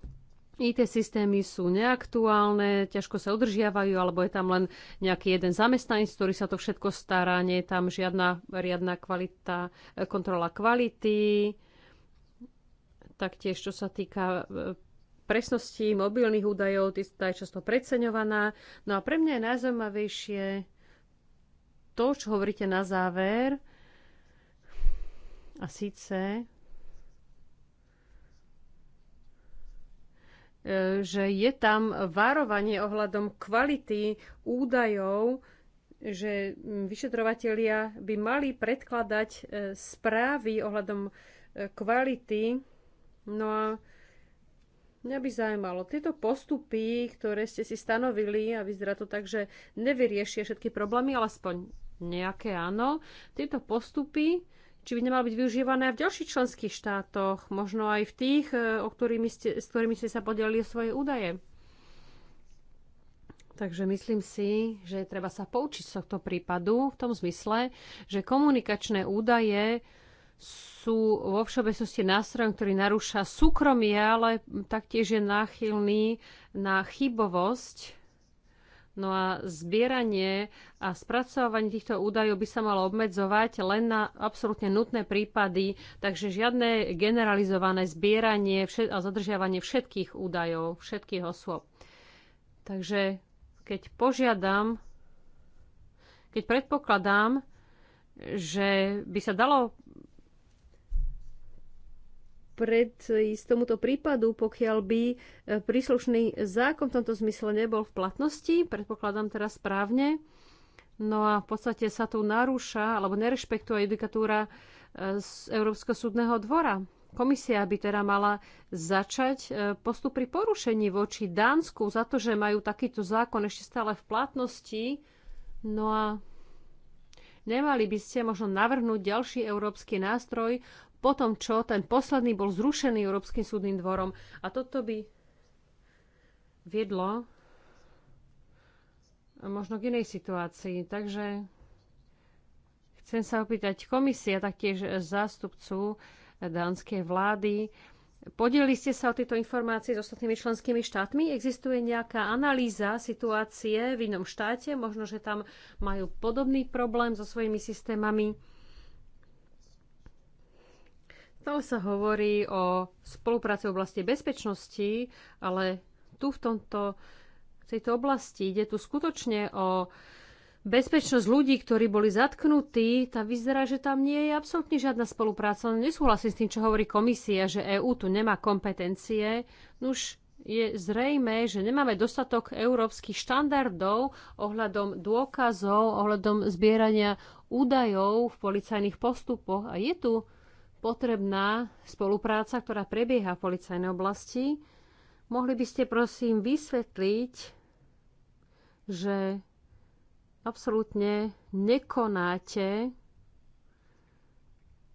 IT systémy sú neaktuálne, ťažko sa udržiavajú, alebo je tam len nejaký jeden zamestnanec, ktorý sa to všetko stará, nie je tam žiadna riadna kvalita, eh, kontrola kvality. Taktiež, čo sa týka eh, presnosti mobilných údajov, tá je často preceňovaná. No a pre mňa je najzaujímavejšie to, čo hovoríte na záver, a síce, e, že je tam varovanie ohľadom kvality údajov, že vyšetrovatelia by mali predkladať e, správy ohľadom e, kvality. No a Mňa by zaujímalo, tieto postupy, ktoré ste si stanovili, a vyzerá to tak, že nevyriešia všetky problémy, ale aspoň nejaké áno, tieto postupy či by nemalo byť využívané v ďalších členských štátoch, možno aj v tých, e, o ktorými ste, s ktorými ste sa podelili svoje údaje. Takže myslím si, že treba sa poučiť z tohto prípadu v tom zmysle, že komunikačné údaje sú vo všeobecnosti nástrojom, ktorý narúša súkromie, ale taktiež je náchylný na chybovosť No a zbieranie a spracovanie týchto údajov by sa malo obmedzovať len na absolútne nutné prípady, takže žiadne generalizované zbieranie a zadržiavanie všetkých údajov, všetkých osôb. Takže keď požiadam, keď predpokladám, že by sa dalo pred ísť tomuto prípadu, pokiaľ by e, príslušný zákon v tomto zmysle nebol v platnosti, predpokladám teraz správne. No a v podstate sa tu narúša alebo nerešpektuje judikatúra e, z Európskeho súdneho dvora. Komisia by teda mala začať e, postup pri porušení voči Dánsku za to, že majú takýto zákon ešte stále v platnosti. No a nemali by ste možno navrhnúť ďalší európsky nástroj potom čo ten posledný bol zrušený Európskym súdnym dvorom. A toto by viedlo možno k inej situácii. Takže chcem sa opýtať komisia, taktiež zástupcu dánskej vlády, Podelili ste sa o tieto informácie s ostatnými členskými štátmi? Existuje nejaká analýza situácie v inom štáte? Možno, že tam majú podobný problém so svojimi systémami? Stále sa hovorí o spolupráci v oblasti bezpečnosti, ale tu v tomto, tejto oblasti ide tu skutočne o bezpečnosť ľudí, ktorí boli zatknutí, tá vyzerá, že tam nie je absolútne žiadna spolupráca. No, nesúhlasím s tým, čo hovorí komisia, že EÚ tu nemá kompetencie. Nuž už je zrejme, že nemáme dostatok európskych štandardov ohľadom dôkazov, ohľadom zbierania údajov v policajných postupoch. A je tu potrebná spolupráca, ktorá prebieha v policajnej oblasti. Mohli by ste prosím vysvetliť, že absolútne nekonáte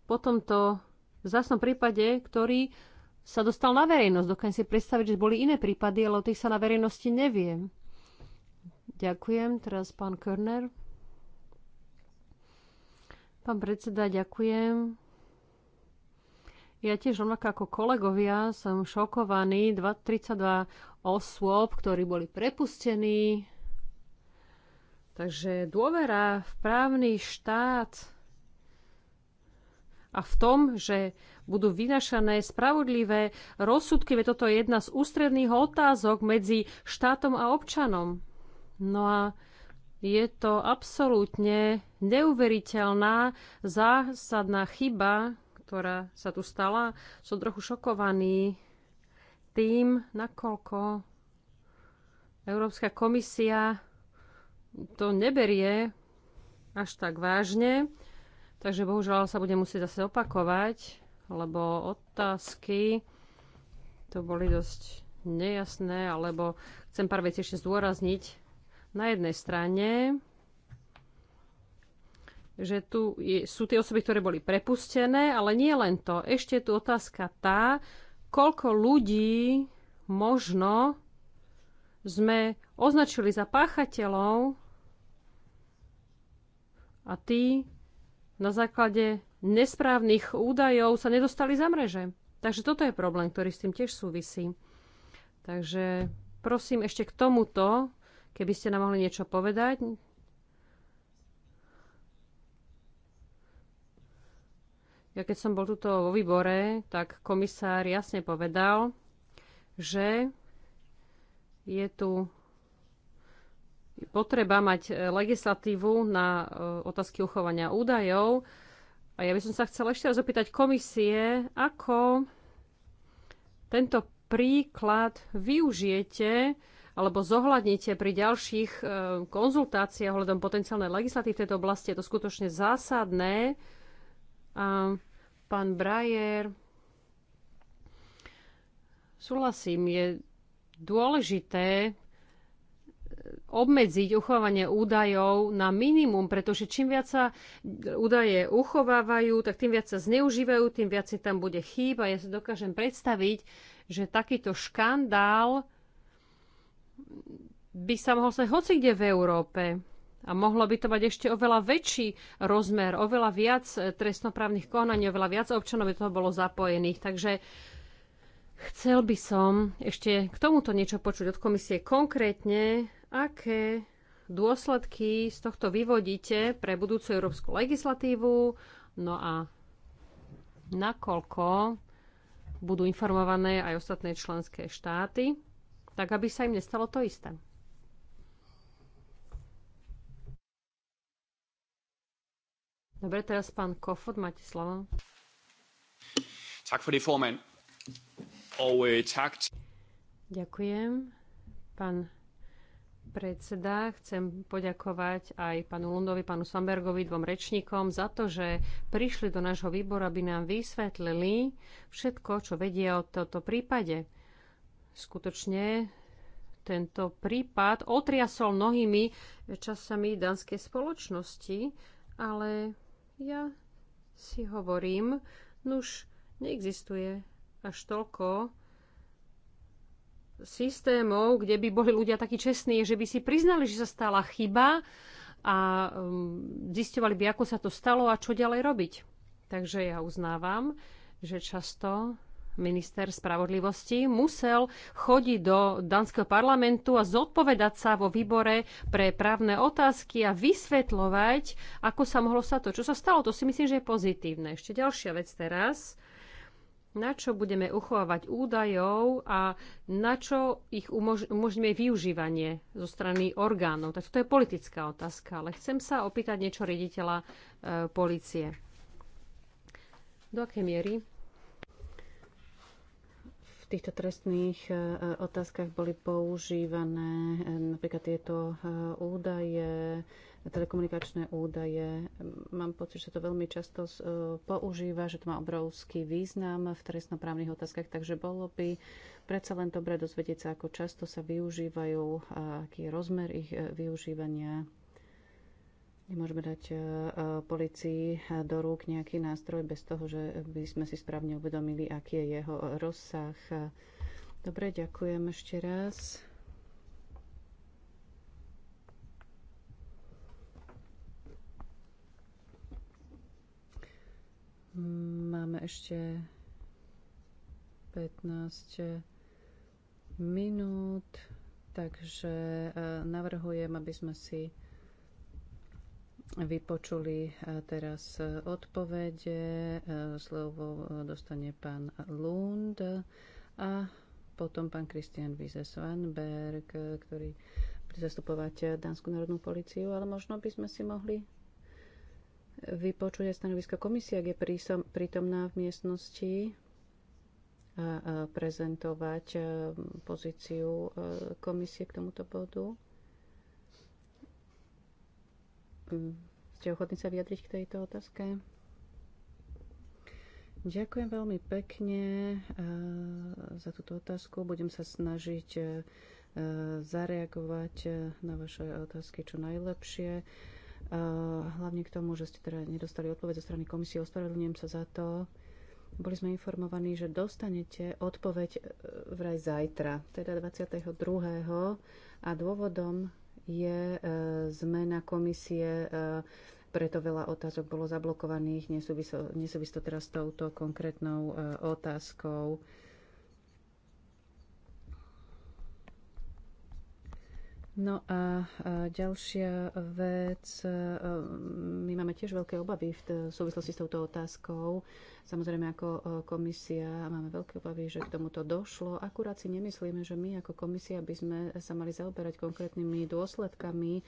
po tomto zásnom prípade, ktorý sa dostal na verejnosť. Dokážem si predstaviť, že boli iné prípady, ale o tých sa na verejnosti nevie. Ďakujem. Teraz pán Körner. Pán predseda, ďakujem. Ja tiež rovnako ako kolegovia som šokovaný. 32 osôb, ktorí boli prepustení. Takže dôvera v právny štát a v tom, že budú vynašané spravodlivé rozsudky, veď toto je jedna z ústredných otázok medzi štátom a občanom. No a je to absolútne neuveriteľná zásadná chyba ktorá sa tu stala. Som trochu šokovaný tým, nakoľko Európska komisia to neberie až tak vážne. Takže bohužiaľ sa bude musieť zase opakovať, lebo otázky to boli dosť nejasné, alebo chcem pár vecí ešte zdôrazniť. Na jednej strane že tu je, sú tie osoby, ktoré boli prepustené, ale nie len to. Ešte je tu otázka tá, koľko ľudí možno sme označili za páchateľov a tí na základe nesprávnych údajov sa nedostali za mreže. Takže toto je problém, ktorý s tým tiež súvisí. Takže prosím ešte k tomuto, keby ste nám mohli niečo povedať, Ja keď som bol tuto vo výbore, tak komisár jasne povedal, že je tu potreba mať e, legislatívu na e, otázky uchovania údajov. A ja by som sa chcela ešte raz opýtať komisie, ako tento príklad využijete alebo zohľadnite pri ďalších e, konzultáciách ohľadom potenciálnej legislatívy v tejto oblasti. Je to skutočne zásadné, a pán Brajer, súhlasím, je dôležité e, obmedziť uchovanie údajov na minimum, pretože čím viac sa údaje uchovávajú, tak tým viac sa zneužívajú, tým viac si tam bude chýb a ja si dokážem predstaviť, že takýto škandál by sa mohol sa hoci kde v Európe. A mohlo by to mať ešte oveľa väčší rozmer, oveľa viac eh, trestnoprávnych konaní, oveľa viac občanov by toho bolo zapojených. Takže chcel by som ešte k tomuto niečo počuť od komisie konkrétne, aké dôsledky z tohto vyvodíte pre budúcu európsku legislatívu, no a nakoľko budú informované aj ostatné členské štáty, tak aby sa im nestalo to isté. Dobre, teraz pán Kofod, máte slovo.
Tak for det, formand. Og øh, tak.
Ďakujem, pán predseda. Chcem poďakovať aj pánu Lundovi, pánu Sambergovi, dvom rečníkom za to, že prišli do nášho výboru, aby nám vysvetlili všetko, čo vedia o toto prípade. Skutočne tento prípad otriasol mnohými časami danskej spoločnosti, ale ja si hovorím, nuž neexistuje až toľko systémov, kde by boli ľudia takí čestní, že by si priznali, že sa stala chyba a um, zistovali by, ako sa to stalo a čo ďalej robiť. Takže ja uznávam, že často minister spravodlivosti, musel chodiť do danského parlamentu a zodpovedať sa vo výbore pre právne otázky a vysvetľovať, ako sa mohlo sa to, čo sa stalo. To si myslím, že je pozitívne. Ešte ďalšia vec teraz. Na čo budeme uchovávať údajov a na čo ich umož- umožníme využívanie zo strany orgánov. Tak to je politická otázka, ale chcem sa opýtať niečo riaditeľa e, policie. Do akej miery
týchto trestných e, otázkach boli používané e, napríklad tieto e, údaje, telekomunikačné údaje. Mám pocit, že to veľmi často používa, že to má obrovský význam v trestnoprávnych otázkach, takže bolo by predsa len dobre dozvedieť sa, ako často sa využívajú, aký je rozmer ich využívania Nemôžeme dať e, e, policii do rúk nejaký nástroj bez toho, že by sme si správne uvedomili, aký je jeho rozsah. Dobre, ďakujem ešte raz. Máme ešte 15 minút, takže e, navrhujem, aby sme si vypočuli e, teraz e, odpovede. E, slovo dostane pán Lund a potom pán Kristian Wiese Svanberg, ktorý bude zastupovať Dánsku národnú policiu, ale možno by sme si mohli vypočuť stanovisko komisie, ak je prítomná v miestnosti a prezentovať pozíciu komisie k tomuto bodu ste ochotní sa vyjadriť k tejto otázke? Ďakujem veľmi pekne eh, za túto otázku. Budem sa snažiť eh, zareagovať eh, na vaše otázky čo najlepšie. Hlavne k tomu, že ste teda nedostali odpoveď zo strany komisie. Ospravedlňujem sa za to. Boli sme informovaní, že dostanete odpoveď vraj zajtra, teda 22. A dôvodom je e, zmena komisie, e, preto veľa otázok bolo zablokovaných, nesúvisí to teraz s touto konkrétnou e, otázkou. No a ďalšia vec, e, my máme tiež veľké obavy v súvislosti s touto otázkou. Samozrejme ako e, komisia máme veľké obavy, že k tomuto došlo. Akurát si nemyslíme, že my ako komisia by sme sa mali zaoberať konkrétnymi dôsledkami e,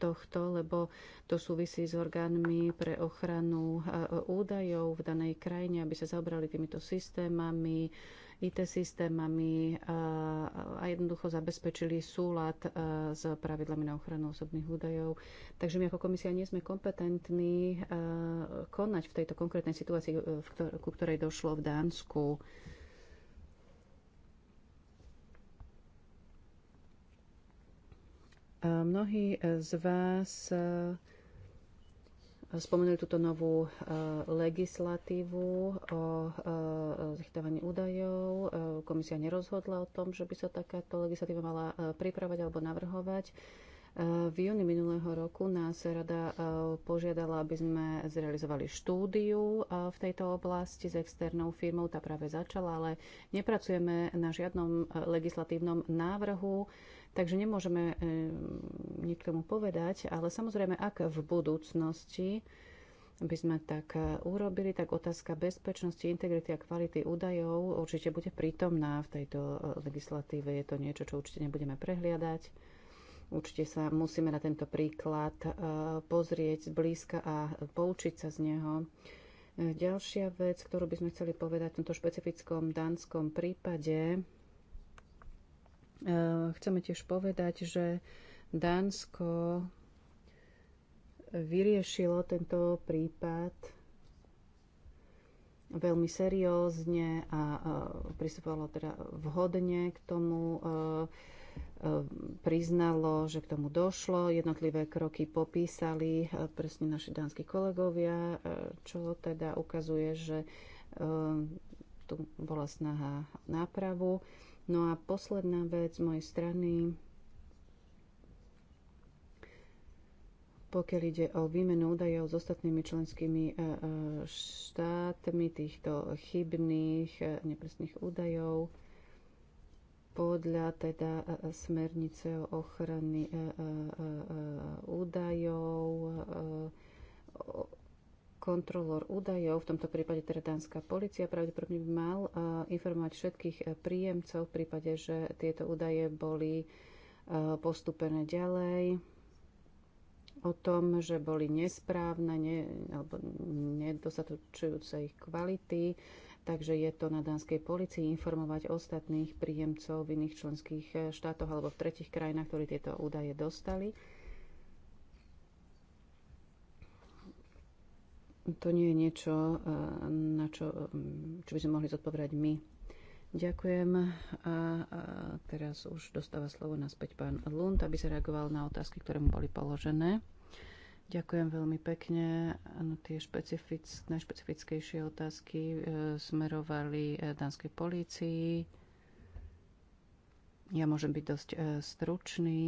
tohto, lebo to súvisí s orgánmi pre ochranu údajov v danej krajine, aby sa zaoberali týmito systémami, IT systémami a jednoducho zabezpečili súlad s pravidlami na ochranu osobných údajov. Takže my ako komisia nie sme kompetentní konať v tejto konkrétnej situácii, e, ku ktorej došlo v Dánsku. Mnohí z vás spomenuli túto novú e, legislatívu o e, zachytávaní údajov. E, komisia nerozhodla o tom, že by sa takáto legislatíva mala pripravať alebo navrhovať. V júni minulého roku nás rada požiadala, aby sme zrealizovali štúdiu v tejto oblasti s externou firmou. Tá práve začala, ale nepracujeme na žiadnom legislatívnom návrhu Takže nemôžeme eh, nič tomu povedať, ale samozrejme, ak v budúcnosti by sme tak eh, urobili, tak otázka bezpečnosti, integrity a kvality údajov určite bude prítomná v tejto eh, legislatíve. Je to niečo, čo určite nebudeme prehliadať. Určite sa musíme na tento príklad pozrieť zblízka a poučiť sa z neho. Ďalšia vec, ktorú by sme chceli povedať v tomto špecifickom dánskom prípade, Eh, chceme tiež povedať, že Dánsko vyriešilo tento prípad veľmi seriózne a pristupovalo teda vhodne k tomu eh, eh, priznalo, že k tomu došlo. Jednotlivé kroky popísali presne naši dánsky kolegovia, čo teda ukazuje, že tu bola snaha nápravu. No a posledná vec z mojej strany, pokiaľ ide o výmenu údajov s ostatnými členskými e, e, štátmi týchto chybných, e, nepresných údajov podľa teda smernice o ochrany údajov kontrolór údajov, v tomto prípade teda dánska policia, pravdepodobne by mal eh, informovať všetkých eh, príjemcov v prípade, že tieto údaje boli eh, postupené ďalej o tom, že boli nesprávne ne, alebo nedostatočujúce ich kvality, takže je to na dánskej policii informovať ostatných príjemcov v iných členských štátoch alebo v tretich krajinách, ktorí tieto údaje dostali. to nie je niečo, e, na čo, e, čo by sme mohli zodpovedať my. Ďakujem. A, a teraz už dostáva slovo naspäť pán Lund, aby sa reagoval na otázky, ktoré mu boli položené. Ďakujem veľmi pekne. Ano, tie špecific, najšpecifickejšie otázky e, smerovali e, danskej polícii. Ja môžem byť dosť e, stručný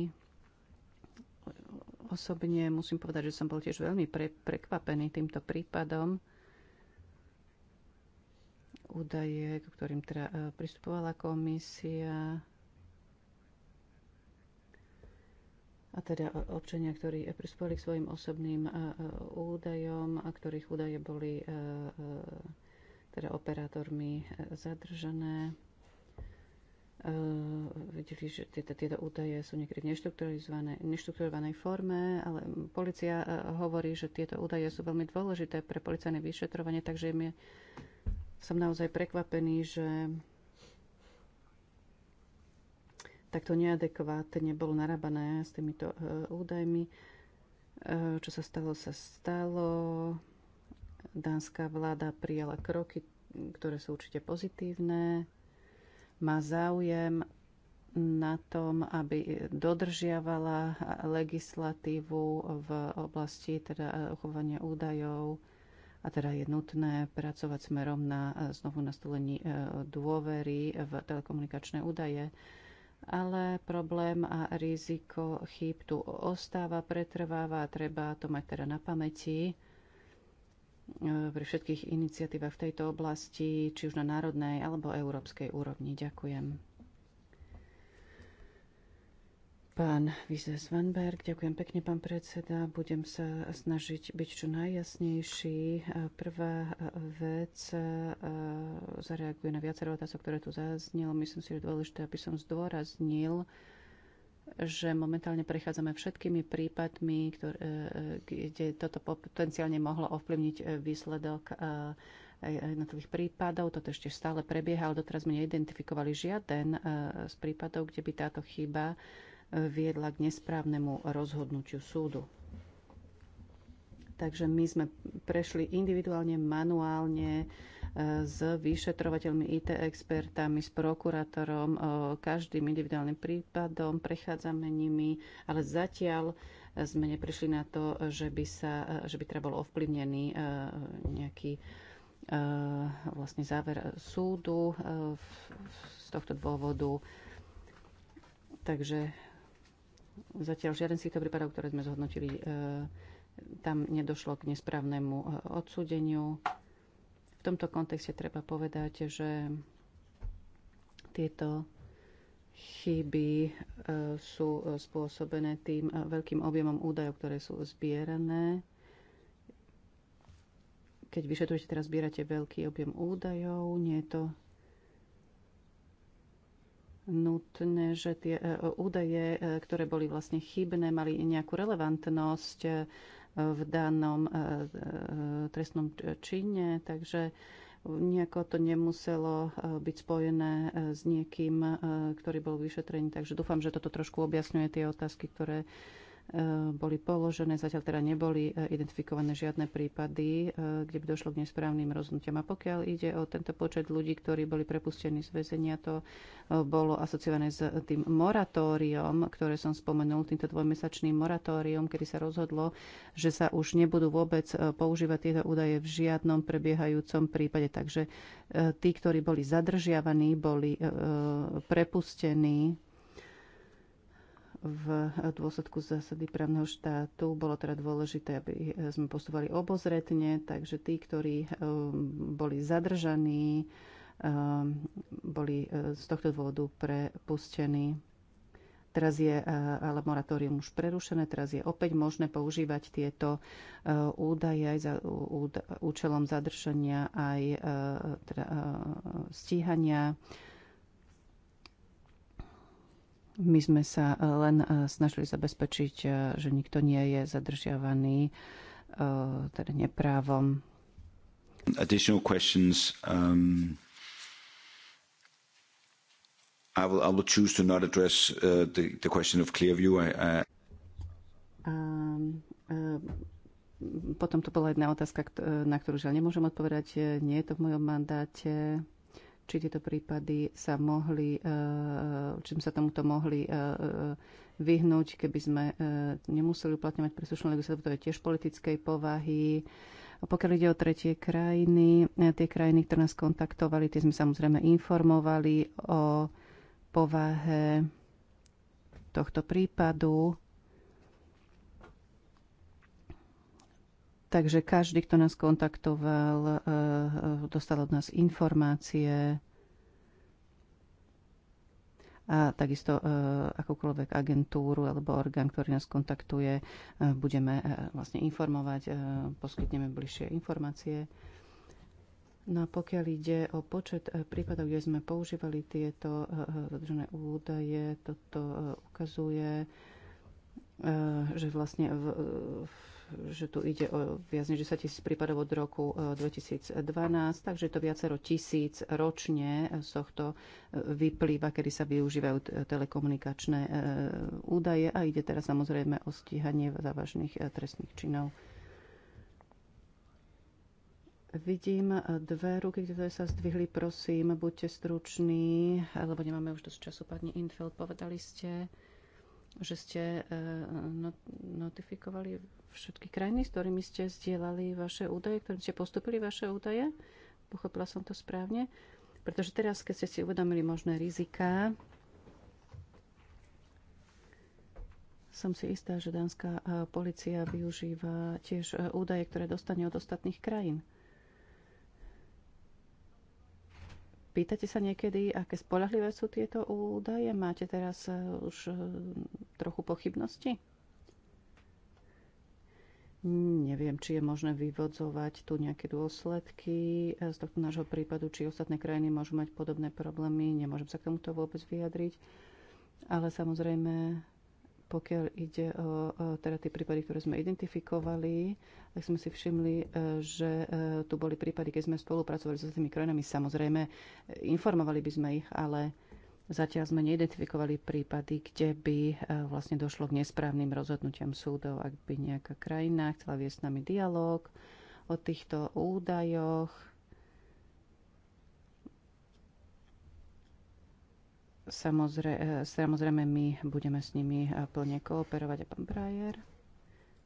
osobne musím povedať, že som bol tiež veľmi pre, prekvapený týmto prípadom. Údaje, k ktorým teda e, pristupovala komisia, a teda občania, ktorí e, pristupovali k svojim osobným e, údajom a ktorých údaje boli teda operátormi zadržané. Ehm, videli, že tieto, tieto údaje sú niekedy v neštrukturovanej forme, ale policia e, hovorí, že tieto údaje sú veľmi dôležité pre policajné vyšetrovanie, takže im je, som naozaj prekvapený, že takto neadekvátne bolo narábané s týmito e, údajmi. E, čo sa stalo, sa stalo. Dánska vláda prijala kroky, ktoré sú určite pozitívne má záujem na tom, aby dodržiavala legislatívu v oblasti teda eh, uchovania údajov a teda je nutné pracovať smerom na eh, znovu nastolení eh, dôvery v telekomunikačné údaje. Ale problém a riziko chýb tu ostáva, pretrváva a treba to mať teda na pamäti E, pri všetkých iniciatívach v tejto oblasti, či už na národnej alebo európskej úrovni. Ďakujem. Pán Vize Svanberg, ďakujem pekne, pán predseda. Budem sa snažiť byť čo najjasnejší. E, prvá e, vec zareaguje na viacero otázok, ktoré tu zaznelo. Myslím si, že dôležité, aby som zdôraznil, že momentálne prechádzame všetkými prípadmi, ktoré, e, e, kde toto potenciálne mohlo ovplyvniť e, výsledok jednotlivých prípadov. Toto ešte stále prebieha, ale doteraz sme neidentifikovali žiaden z prípadov, kde by táto chyba viedla k nesprávnemu rozhodnutiu súdu. Takže my sme prešli individuálne, manuálne, s vyšetrovateľmi, IT expertami, s prokurátorom, každým individuálnym prípadom, prechádzame nimi, ale zatiaľ e, sme neprišli na to, že by, sa, e, že by teda bol ovplyvnený e, nejaký vlastne záver súdu z tohto dôvodu. Takže zatiaľ žiaden z týchto prípadov, ktoré sme zhodnotili, tam nedošlo k nesprávnemu odsúdeniu. V tomto kontexte treba povedať, že tieto chyby e, sú e, spôsobené tým e, veľkým objemom údajov, ktoré sú zbierané. Keď vyšetrujete, teraz zbierate veľký objem údajov, nie je to nutné, že tie údaje, ktoré boli vlastne chybné, mali nejakú relevantnosť v danom e, e, trestnom čine, takže nejako to nemuselo e, byť spojené s niekým, ktorý bol vyšetrený. Takže dúfam, že toto trošku objasňuje tie otázky, ktoré E, boli položené. Zatiaľ teda neboli e, identifikované žiadne prípady, e, kde by došlo k nesprávnym rozhodnutiam. A pokiaľ ide o tento počet ľudí, ktorí boli prepustení z väzenia, to bolo asociované s tým moratóriom, ktoré som spomenul, týmto dvojmesačným moratóriom, kedy sa rozhodlo, že sa už nebudú vôbec používať tieto údaje v žiadnom prebiehajúcom prípade. Takže tí, ktorí boli zadržiavaní, boli prepustení v dôsledku zásady právneho štátu. Bolo teda dôležité, aby sme posúvali obozretne, takže tí, ktorí um, boli zadržaní, um, boli uh, z tohto dôvodu prepustení. Teraz je uh, ale moratórium už prerušené, teraz je opäť možné používať tieto uh, údaje aj za účelom zadržania, aj teda stíhania. My sme sa e, len e, snažili zabezpečiť, e, že nikto nie je zadržiavaný teda neprávom. Additional questions. Um, I will, I will choose to not address uh, the, the question of Clearview. I, I... Um, uh, potom to bola jedna otázka, na ktorú žiaľ nemôžem odpovedať. Nie je to v mojom mandáte či tieto prípady sa mohli, e, e, či sa tomuto mohli e, vyhnúť, keby sme nemuseli uplatňovať príslušnú legislatívu, to je tiež politickej povahy. A pokiaľ ide o tretie krajiny, tie krajiny, ktoré nás kontaktovali, tie sme samozrejme informovali o povahe tohto prípadu Takže každý, kto nás kontaktoval, eh, eh, dostal od nás informácie a takisto eh, akúkoľvek agentúru alebo orgán, ktorý nás kontaktuje, budeme vlastne informovať, poskytneme bližšie informácie. No a pokiaľ ide o počet prípadov, kde sme používali tieto zadržené údaje, toto ukazuje, že vlastne v, v že tu ide o viac než 10 tisíc prípadov od roku 2012, e, takže to viacero tisíc ročne z tohto e, vyplýva, kedy sa využívajú telekomunikačné e, údaje a ide teraz samozrejme o stíhanie závažných trestných činov. Vidím dve ruky, ktoré sa zdvihli. Prosím, buďte struční, lebo nemáme už dosť času. Pani Infeld, povedali ste, že ste notifikovali všetky krajiny, s ktorými ste zdieľali vaše údaje, ktorým ste postupili vaše údaje. Pochopila som to správne. Pretože teraz, keď ste si uvedomili možné rizika, som si istá, že dánska policia využíva tiež údaje, ktoré dostane od ostatných krajín. Pýtate sa niekedy, aké spolahlivé sú tieto údaje? Máte teraz už trochu pochybnosti? Neviem, či je možné vyvodzovať tu nejaké dôsledky eh, z tohto nášho prípadu, či ostatné krajiny môžu mať podobné problémy. Nemôžem sa k tomuto vôbec vyjadriť. Ale samozrejme, pokiaľ ide o, o teda tie prípady, ktoré sme identifikovali, tak sme si všimli, eh, že eh, tu boli prípady, keď sme spolupracovali s so tými krajinami. Samozrejme, informovali by sme ich, ale Zatiaľ sme neidentifikovali prípady, kde by e, vlastne došlo k nesprávnym rozhodnutiam súdov, ak by nejaká krajina chcela viesť s nami dialog o týchto údajoch. Samozrejme, samozrejme my budeme s nimi e, plne kooperovať. A pán Brajer,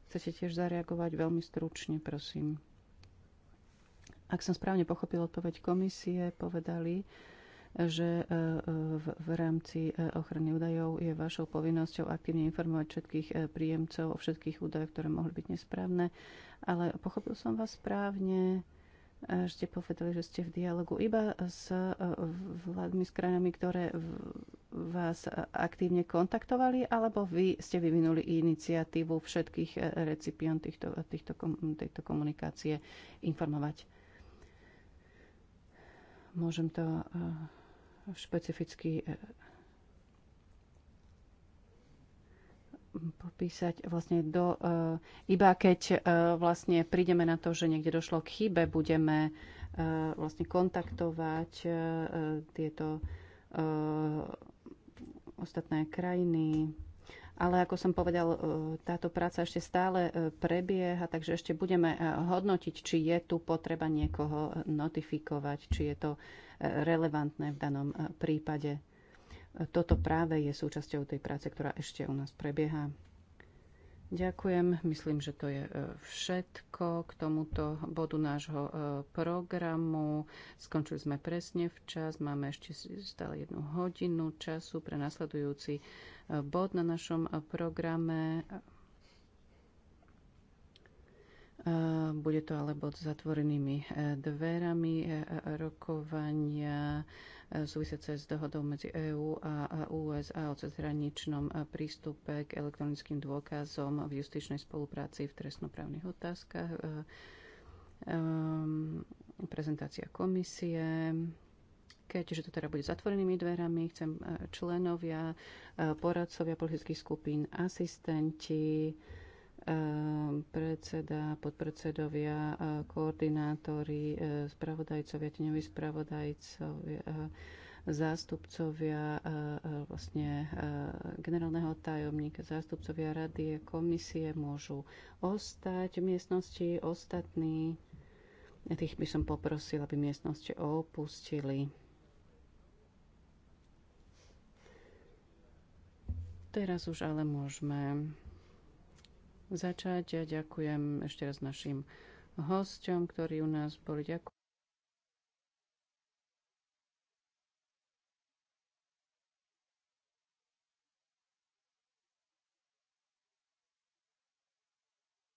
chcete tiež zareagovať veľmi stručne, prosím. Ak som správne pochopil odpoveď komisie, povedali, že e, e, v rámci e, ochrany údajov je vašou povinnosťou aktívne informovať všetkých príjemcov o všetkých údajoch, ktoré mohli byť nesprávne. Ale pochopil som vás správne, že ste povedali, že ste v dialogu iba s vládmi, s krajinami, ktoré vás aktívne kontaktovali, alebo vy ste vyvinuli iniciatívu všetkých recipient týchto, týchto, tejto komunikácie informovať. Môžem to špecificky e, popísať vlastne do, e, iba keď e, vlastne prídeme na to, že niekde došlo k chybe, budeme vlastne kontaktovať tieto ostatné krajiny. Ale ako som povedal, táto práca ešte stále prebieha, takže ešte budeme hodnotiť, či je tu potreba niekoho notifikovať, či je to relevantné v danom e, prípade. Toto práve je súčasťou tej práce, ktorá ešte u nás prebieha. Ďakujem. Myslím, že to je e, všetko k tomuto bodu nášho e, programu. Skončili sme presne včas. Máme ešte stále jednu hodinu času pre nasledujúci bod na našom programe. Bude to alebo s zatvorenými e, dverami e, e, rokovania súvisiace s dohodou medzi EÚ a USA o cezhraničnom prístupe k elektronickým dôkazom v justičnej spolupráci v trestnoprávnych otázkach, prezentácia komisie. Keďže to teda bude zatvorenými dverami, chcem členovia, poradcovia politických skupín, asistenti, Ehm, predseda, podpredsedovia, eh, koordinátori, eh, spravodajcovia, tieňoví spravodajcovia, eh, zástupcovia vlastne generálneho tajomníka, zástupcovia rady a komisie môžu ostať v miestnosti, ostatní tých by som poprosila, aby miestnosti opustili. Teraz už ale môžeme začať. Ja ďakujem ešte raz našim hosťom, ktorí u nás boli. Ďakujem.